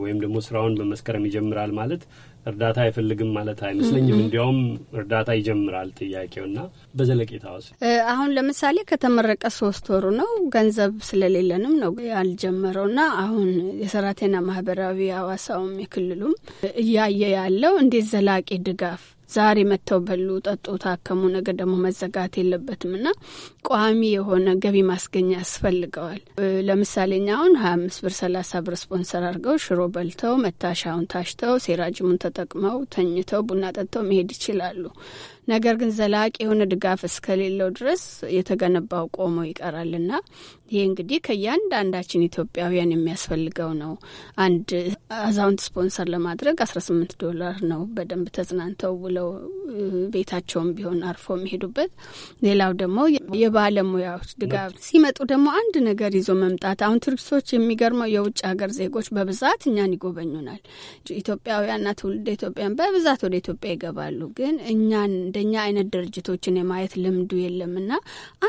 ወይም ደግሞ ስራውን በመስከረም ይጀምራል ማለት እርዳታ አይፈልግም ማለት አይመስለኝም። እንዲያውም እርዳታ ይጀምራል ጥያቄውና በዘለቄታ ውስጥ አሁን ለምሳሌ ከተመረቀ ሶስት ወሩ ነው። ገንዘብ ስለሌለንም ነው ያልጀመረው እና አሁን የሰራተኛና ማህበራዊ አዋሳውም የክልሉም እያየ ያለው እንዴት ዘላቂ ድጋፍ ዛሬ መጥተው በሉ፣ ጠጡ፣ ታከሙ፣ ነገ ደግሞ መዘጋት የለበትም እና ቋሚ የሆነ ገቢ ማስገኛ ያስፈልገዋል። ለምሳሌ እኛ አሁን ሀያ አምስት ብር ሰላሳ ብር ስፖንሰር አድርገው ሽሮ በልተው መታሻውን ታሽተው ሴራጅሙን ተጠቅመው ተኝተው ቡና ጠጥተው መሄድ ይችላሉ። ነገር ግን ዘላቂ የሆነ ድጋፍ እስከሌለው ድረስ የተገነባው ቆሞ ይቀራልና ይሄ እንግዲህ ከእያንዳንዳችን ኢትዮጵያውያን የሚያስፈልገው ነው። አንድ አዛውንት ስፖንሰር ለማድረግ አስራ ስምንት ዶላር ነው። በደንብ ተዝናንተው ውለው ቤታቸውም ቢሆን አርፎ የሚሄዱበት። ሌላው ደግሞ የባለሙያዎች ድጋፍ ሲመጡ ደግሞ አንድ ነገር ይዞ መምጣት። አሁን ቱሪስቶች የሚገርመው የውጭ ሀገር ዜጎች በብዛት እኛን ይጎበኙናል። ኢትዮጵያውያንና ትውልደ ኢትዮጵያን በብዛት ወደ ኢትዮጵያ ይገባሉ። ግን እኛን እንደኛ አይነት ድርጅቶችን የማየት ልምዱ የለምና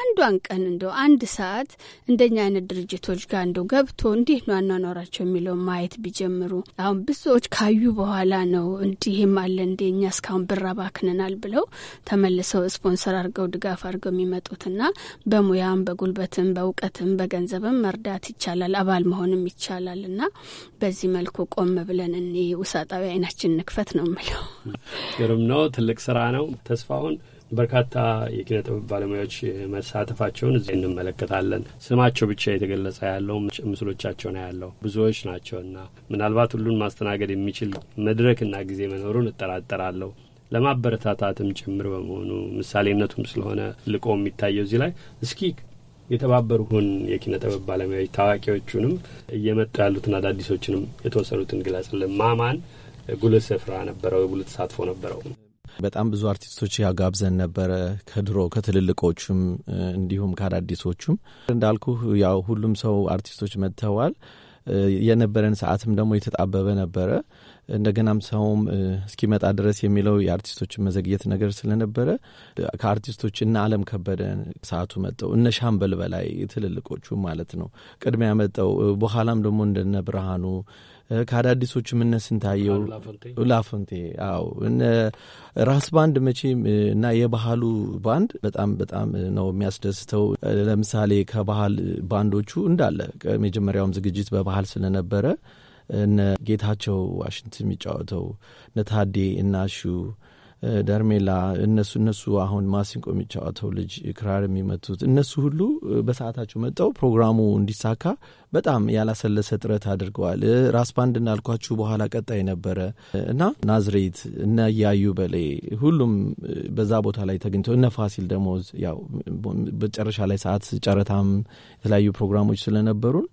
አንዷን ቀን እንደው አንድ ሰዓት እንደኛ አይነት ድርጅቶች ጋር እንደው ገብቶ እንዲህ ነው አኗኗራቸው የሚለው ማየት ቢጀምሩ አሁን ብዙ ሰዎች ካዩ በኋላ ነው እንዲህም አለ እንደ እኛ እስካሁን ብር አባክነናል ብለው ተመልሰው ስፖንሰር አድርገው ድጋፍ አድርገው የሚመጡትና በሙያም በጉልበትም በእውቀትም በገንዘብም መርዳት ይቻላል፣ አባል መሆንም ይቻላል እና በዚህ መልኩ ቆም ብለን እኔ ውሳጣዊ አይናችን ንክፈት ነው ምለው። ግርም ነው። ትልቅ ስራ ነው። ተስፋሁን በርካታ የኪነ ጥበብ ባለሙያዎች መሳተፋቸውን እዚህ እንመለከታለን። ስማቸው ብቻ የተገለጸ ያለው ምስሎቻቸውን ያለው ብዙዎች ናቸውና ምናልባት ሁሉን ማስተናገድ የሚችል መድረክና ጊዜ መኖሩን እጠራጠራለሁ። ለማበረታታትም ጭምር በመሆኑ ምሳሌነቱም ስለሆነ ልቆ የሚታየው እዚህ ላይ እስኪ የተባበሩሁን የኪነ ጥበብ ባለሙያዎች ታዋቂዎቹንም እየመጡ ያሉትን አዳዲሶችንም የተወሰኑትን ግለጽልን። ማማን ጉልህ ስፍራ ነበረው፣ ጉልህ ተሳትፎ ነበረው። በጣም ብዙ አርቲስቶች ያጋብዘን ነበረ ከድሮ ከትልልቆቹም እንዲሁም ከአዳዲሶቹም እንዳልኩ ያው ሁሉም ሰው አርቲስቶች መጥተዋል። የነበረን ሰዓትም ደግሞ የተጣበበ ነበረ። እንደገናም ሰውም እስኪመጣ ድረስ የሚለው የአርቲስቶችን መዘግየት ነገር ስለነበረ ከአርቲስቶች እነ አለም ከበደ ሰዓቱ መጠው እነ ሻምበል በላይ ትልልቆቹ ማለት ነው ቅድሚያ መጠው በኋላም ደግሞ እንደነ ብርሃኑ ከአዳዲሶቹ እነ ስንታየው ላፎንቴ አዎ ራስ ባንድ መቼም እና የባህሉ ባንድ በጣም በጣም ነው የሚያስደስተው። ለምሳሌ ከባህል ባንዶቹ እንዳለ መጀመሪያውም ዝግጅት በባህል ስለነበረ እነ ጌታቸው ዋሽንት የሚጫወተው እነ ታዴ እናሹ ዳርሜላ እነሱ እነሱ አሁን ማሲንቆ የሚጫወተው ልጅ ክራር የሚመቱት እነሱ ሁሉ በሰዓታቸው መጠው ፕሮግራሙ እንዲሳካ በጣም ያላሰለሰ ጥረት አድርገዋል። ራስ ባንድ እንዳልኳችሁ በኋላ ቀጣይ ነበረ እና ናዝሬት እነ እያዩ በሌ ሁሉም በዛ ቦታ ላይ ተገኝተው እነ ፋሲል ደግሞ ያው በጨረሻ ላይ ሰዓት ጨረታም የተለያዩ ፕሮግራሞች ስለነበሩን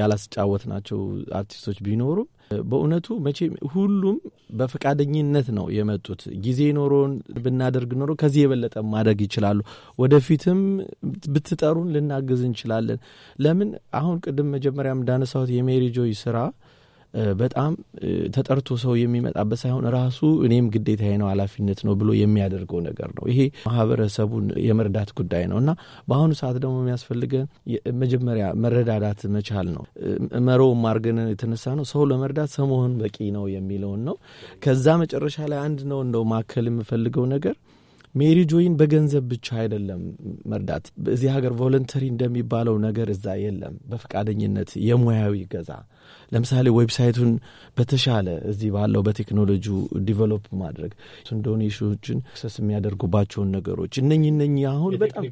ያላስጫወት ናቸው አርቲስቶች ቢኖሩም በእውነቱ መቼም ሁሉም በፈቃደኝነት ነው የመጡት። ጊዜ ኖሮን ብናደርግ ኖሮ ከዚህ የበለጠ ማድረግ ይችላሉ። ወደፊትም ብትጠሩን ልናግዝ እንችላለን። ለምን አሁን ቅድም መጀመሪያም እንዳነሳሁት የሜሪ ጆይ ስራ በጣም ተጠርቶ ሰው የሚመጣበት ሳይሆን ራሱ እኔም ግዴታዬ ነው ኃላፊነት ነው ብሎ የሚያደርገው ነገር ነው። ይሄ ማህበረሰቡን የመርዳት ጉዳይ ነው እና በአሁኑ ሰዓት ደግሞ የሚያስፈልገን መጀመሪያ መረዳዳት መቻል ነው። መሮውም አድርገን የተነሳ ነው ሰው ለመርዳት ሰው መሆን በቂ ነው የሚለውን ነው። ከዛ መጨረሻ ላይ አንድ ነው እንደው ማከል የምፈልገው ነገር ሜሪ ጆይን በገንዘብ ብቻ አይደለም መርዳት። እዚህ ሀገር ቮለንተሪ እንደሚባለው ነገር እዛ የለም። በፈቃደኝነት የሙያዊ ገዛ ለምሳሌ ዌብሳይቱን በተሻለ እዚህ ባለው በቴክኖሎጂ ዲቨሎፕ ማድረግ ዶኔሽኖችን ክሰስ የሚያደርጉባቸውን ነገሮች እነኝ እነኝ አሁን በጣም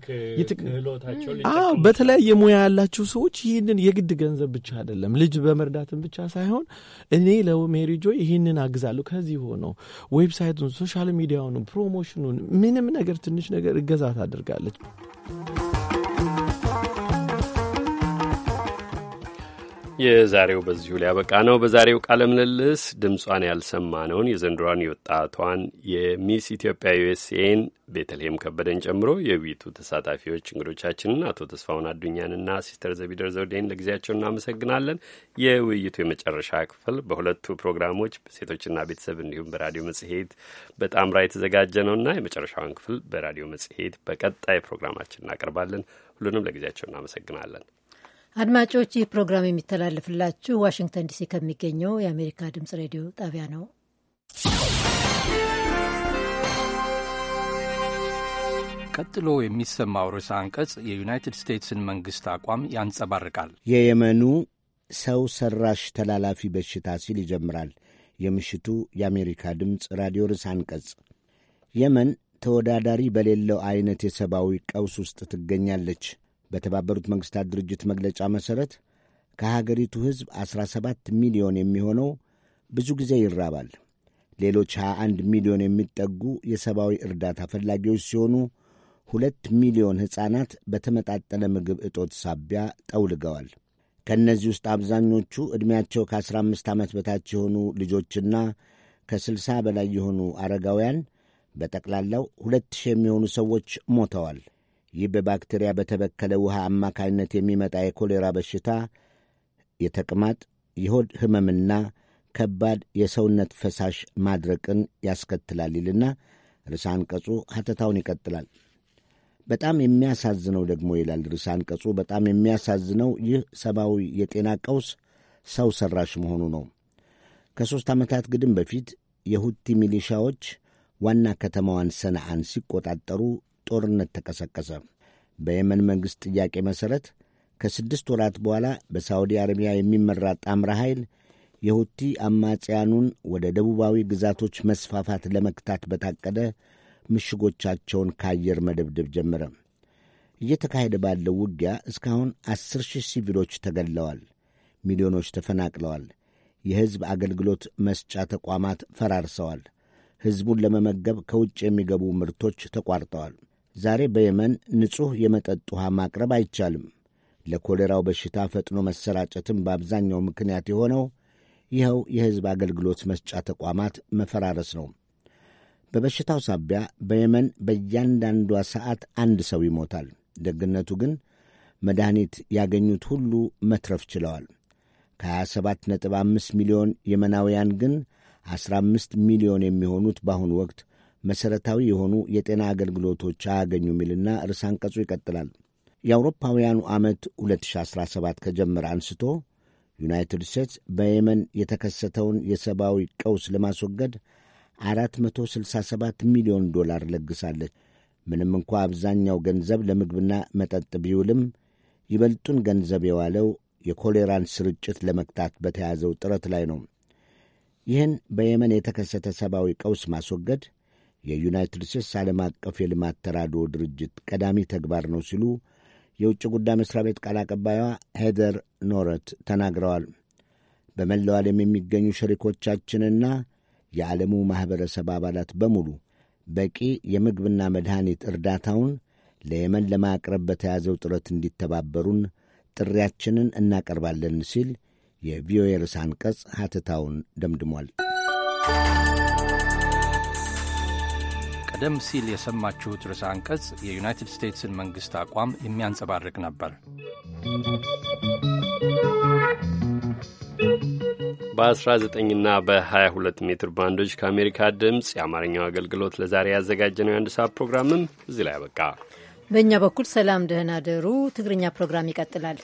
በተለያየ ሙያ ያላቸው ሰዎች ይህንን የግድ ገንዘብ ብቻ አይደለም ልጅ በመርዳትን ብቻ ሳይሆን እኔ ለሜሪጆ ይህንን አግዛለሁ ከዚህ ሆነው ዌብሳይቱን፣ ሶሻል ሚዲያውን፣ ፕሮሞሽኑን ምንም ነገር ትንሽ ነገር እገዛ ታደርጋለች። የዛሬው በዚሁ ሊያበቃ ነው። በዛሬው ቃለ ምልልስ ድምጿን ያልሰማነውን የዘንድሯን የወጣቷን የሚስ ኢትዮጵያ ዩኤስኤን ቤተልሔም ከበደን ጨምሮ የውይይቱ ተሳታፊዎች እንግዶቻችንን አቶ ተስፋውን አዱኛንና ሲስተር ዘቢደር ዘውዴን ለጊዜያቸው እናመሰግናለን። የውይይቱ የመጨረሻ ክፍል በሁለቱ ፕሮግራሞች በሴቶችና ቤተሰብ እንዲሁም በራዲዮ መጽሔት በጣምራ የተዘጋጀ ነውና የመጨረሻውን ክፍል በራዲዮ መጽሔት በቀጣይ ፕሮግራማችን እናቀርባለን። ሁሉንም ለጊዜያቸው እናመሰግናለን። አድማጮች ይህ ፕሮግራም የሚተላለፍላችሁ ዋሽንግተን ዲሲ ከሚገኘው የአሜሪካ ድምጽ ሬዲዮ ጣቢያ ነው። ቀጥሎ የሚሰማው ርዕሰ አንቀጽ የዩናይትድ ስቴትስን መንግሥት አቋም ያንጸባርቃል። የየመኑ ሰው ሰራሽ ተላላፊ በሽታ ሲል ይጀምራል የምሽቱ የአሜሪካ ድምፅ ራዲዮ ርዕሰ አንቀጽ። የመን ተወዳዳሪ በሌለው አይነት የሰብአዊ ቀውስ ውስጥ ትገኛለች። በተባበሩት መንግሥታት ድርጅት መግለጫ መሠረት ከሀገሪቱ ሕዝብ 17 ሚሊዮን የሚሆነው ብዙ ጊዜ ይራባል። ሌሎች 21 ሚሊዮን የሚጠጉ የሰብአዊ እርዳታ ፈላጊዎች ሲሆኑ ሁለት ሚሊዮን ሕፃናት በተመጣጠነ ምግብ እጦት ሳቢያ ጠውልገዋል። ከእነዚህ ውስጥ አብዛኞቹ ዕድሜያቸው ከ15 ዓመት በታች የሆኑ ልጆችና ከ60 በላይ የሆኑ አረጋውያን፣ በጠቅላላው 2000 የሚሆኑ ሰዎች ሞተዋል። ይህ በባክቴሪያ በተበከለ ውሃ አማካይነት የሚመጣ የኮሌራ በሽታ የተቅማጥ፣ የሆድ ህመምና ከባድ የሰውነት ፈሳሽ ማድረቅን ያስከትላል ይልና ርዕሰ አንቀጹ ሐተታውን ይቀጥላል። በጣም የሚያሳዝነው ደግሞ ይላል ርዕሰ አንቀጹ፣ በጣም የሚያሳዝነው ይህ ሰብአዊ የጤና ቀውስ ሰው ሠራሽ መሆኑ ነው። ከሦስት ዓመታት ግድም በፊት የሁቲ ሚሊሻዎች ዋና ከተማዋን ሰነአን ሲቆጣጠሩ ጦርነት ተቀሰቀሰ። በየመን መንግሥት ጥያቄ መሠረት ከስድስት ወራት በኋላ በሳዑዲ አረቢያ የሚመራ ጣምራ ኃይል የሁቲ አማጽያኑን ወደ ደቡባዊ ግዛቶች መስፋፋት ለመክታት በታቀደ ምሽጎቻቸውን ከአየር መደብደብ ጀመረ። እየተካሄደ ባለው ውጊያ እስካሁን አስር ሺህ ሲቪሎች ተገድለዋል። ሚሊዮኖች ተፈናቅለዋል። የሕዝብ አገልግሎት መስጫ ተቋማት ፈራርሰዋል። ሕዝቡን ለመመገብ ከውጭ የሚገቡ ምርቶች ተቋርጠዋል። ዛሬ በየመን ንጹሕ የመጠጥ ውሃ ማቅረብ አይቻልም። ለኮሌራው በሽታ ፈጥኖ መሰራጨትም በአብዛኛው ምክንያት የሆነው ይኸው የሕዝብ አገልግሎት መስጫ ተቋማት መፈራረስ ነው። በበሽታው ሳቢያ በየመን በእያንዳንዷ ሰዓት አንድ ሰው ይሞታል። ደግነቱ ግን መድኃኒት ያገኙት ሁሉ መትረፍ ችለዋል። ከ27.5 ሚሊዮን የመናውያን ግን 15 ሚሊዮን የሚሆኑት በአሁኑ ወቅት መሠረታዊ የሆኑ የጤና አገልግሎቶች አያገኙ የሚልና ርዕሰ አንቀጹ ይቀጥላል። የአውሮፓውያኑ ዓመት 2017 ከጀመረ አንስቶ ዩናይትድ ስቴትስ በየመን የተከሰተውን የሰብአዊ ቀውስ ለማስወገድ 467 ሚሊዮን ዶላር ለግሳለች። ምንም እንኳ አብዛኛው ገንዘብ ለምግብና መጠጥ ቢውልም ይበልጡን ገንዘብ የዋለው የኮሌራን ስርጭት ለመግታት በተያዘው ጥረት ላይ ነው። ይህን በየመን የተከሰተ ሰብአዊ ቀውስ ማስወገድ የዩናይትድ ስቴትስ ዓለም አቀፍ የልማት ተራድኦ ድርጅት ቀዳሚ ተግባር ነው ሲሉ የውጭ ጉዳይ መስሪያ ቤት ቃል አቀባይዋ ሄደር ኖረት ተናግረዋል። በመላው ዓለም የሚገኙ ሸሪኮቻችንና የዓለሙ ማኅበረሰብ አባላት በሙሉ በቂ የምግብና መድኃኒት እርዳታውን ለየመን ለማቅረብ በተያዘው ጥረት እንዲተባበሩን ጥሪያችንን እናቀርባለን ሲል የቪኦኤ ርዕሰ አንቀጽ ሐተታውን ደምድሟል። ቀደም ሲል የሰማችሁት ርዕሰ አንቀጽ የዩናይትድ ስቴትስን መንግሥት አቋም የሚያንጸባርቅ ነበር። በ19ና በ22 ሜትር ባንዶች ከአሜሪካ ድምፅ የአማርኛው አገልግሎት ለዛሬ ያዘጋጀነው የአንድ ሰዓት ፕሮግራምም እዚህ ላይ አበቃ። በእኛ በኩል ሰላም፣ ደህና ደሩ። ትግርኛ ፕሮግራም ይቀጥላል።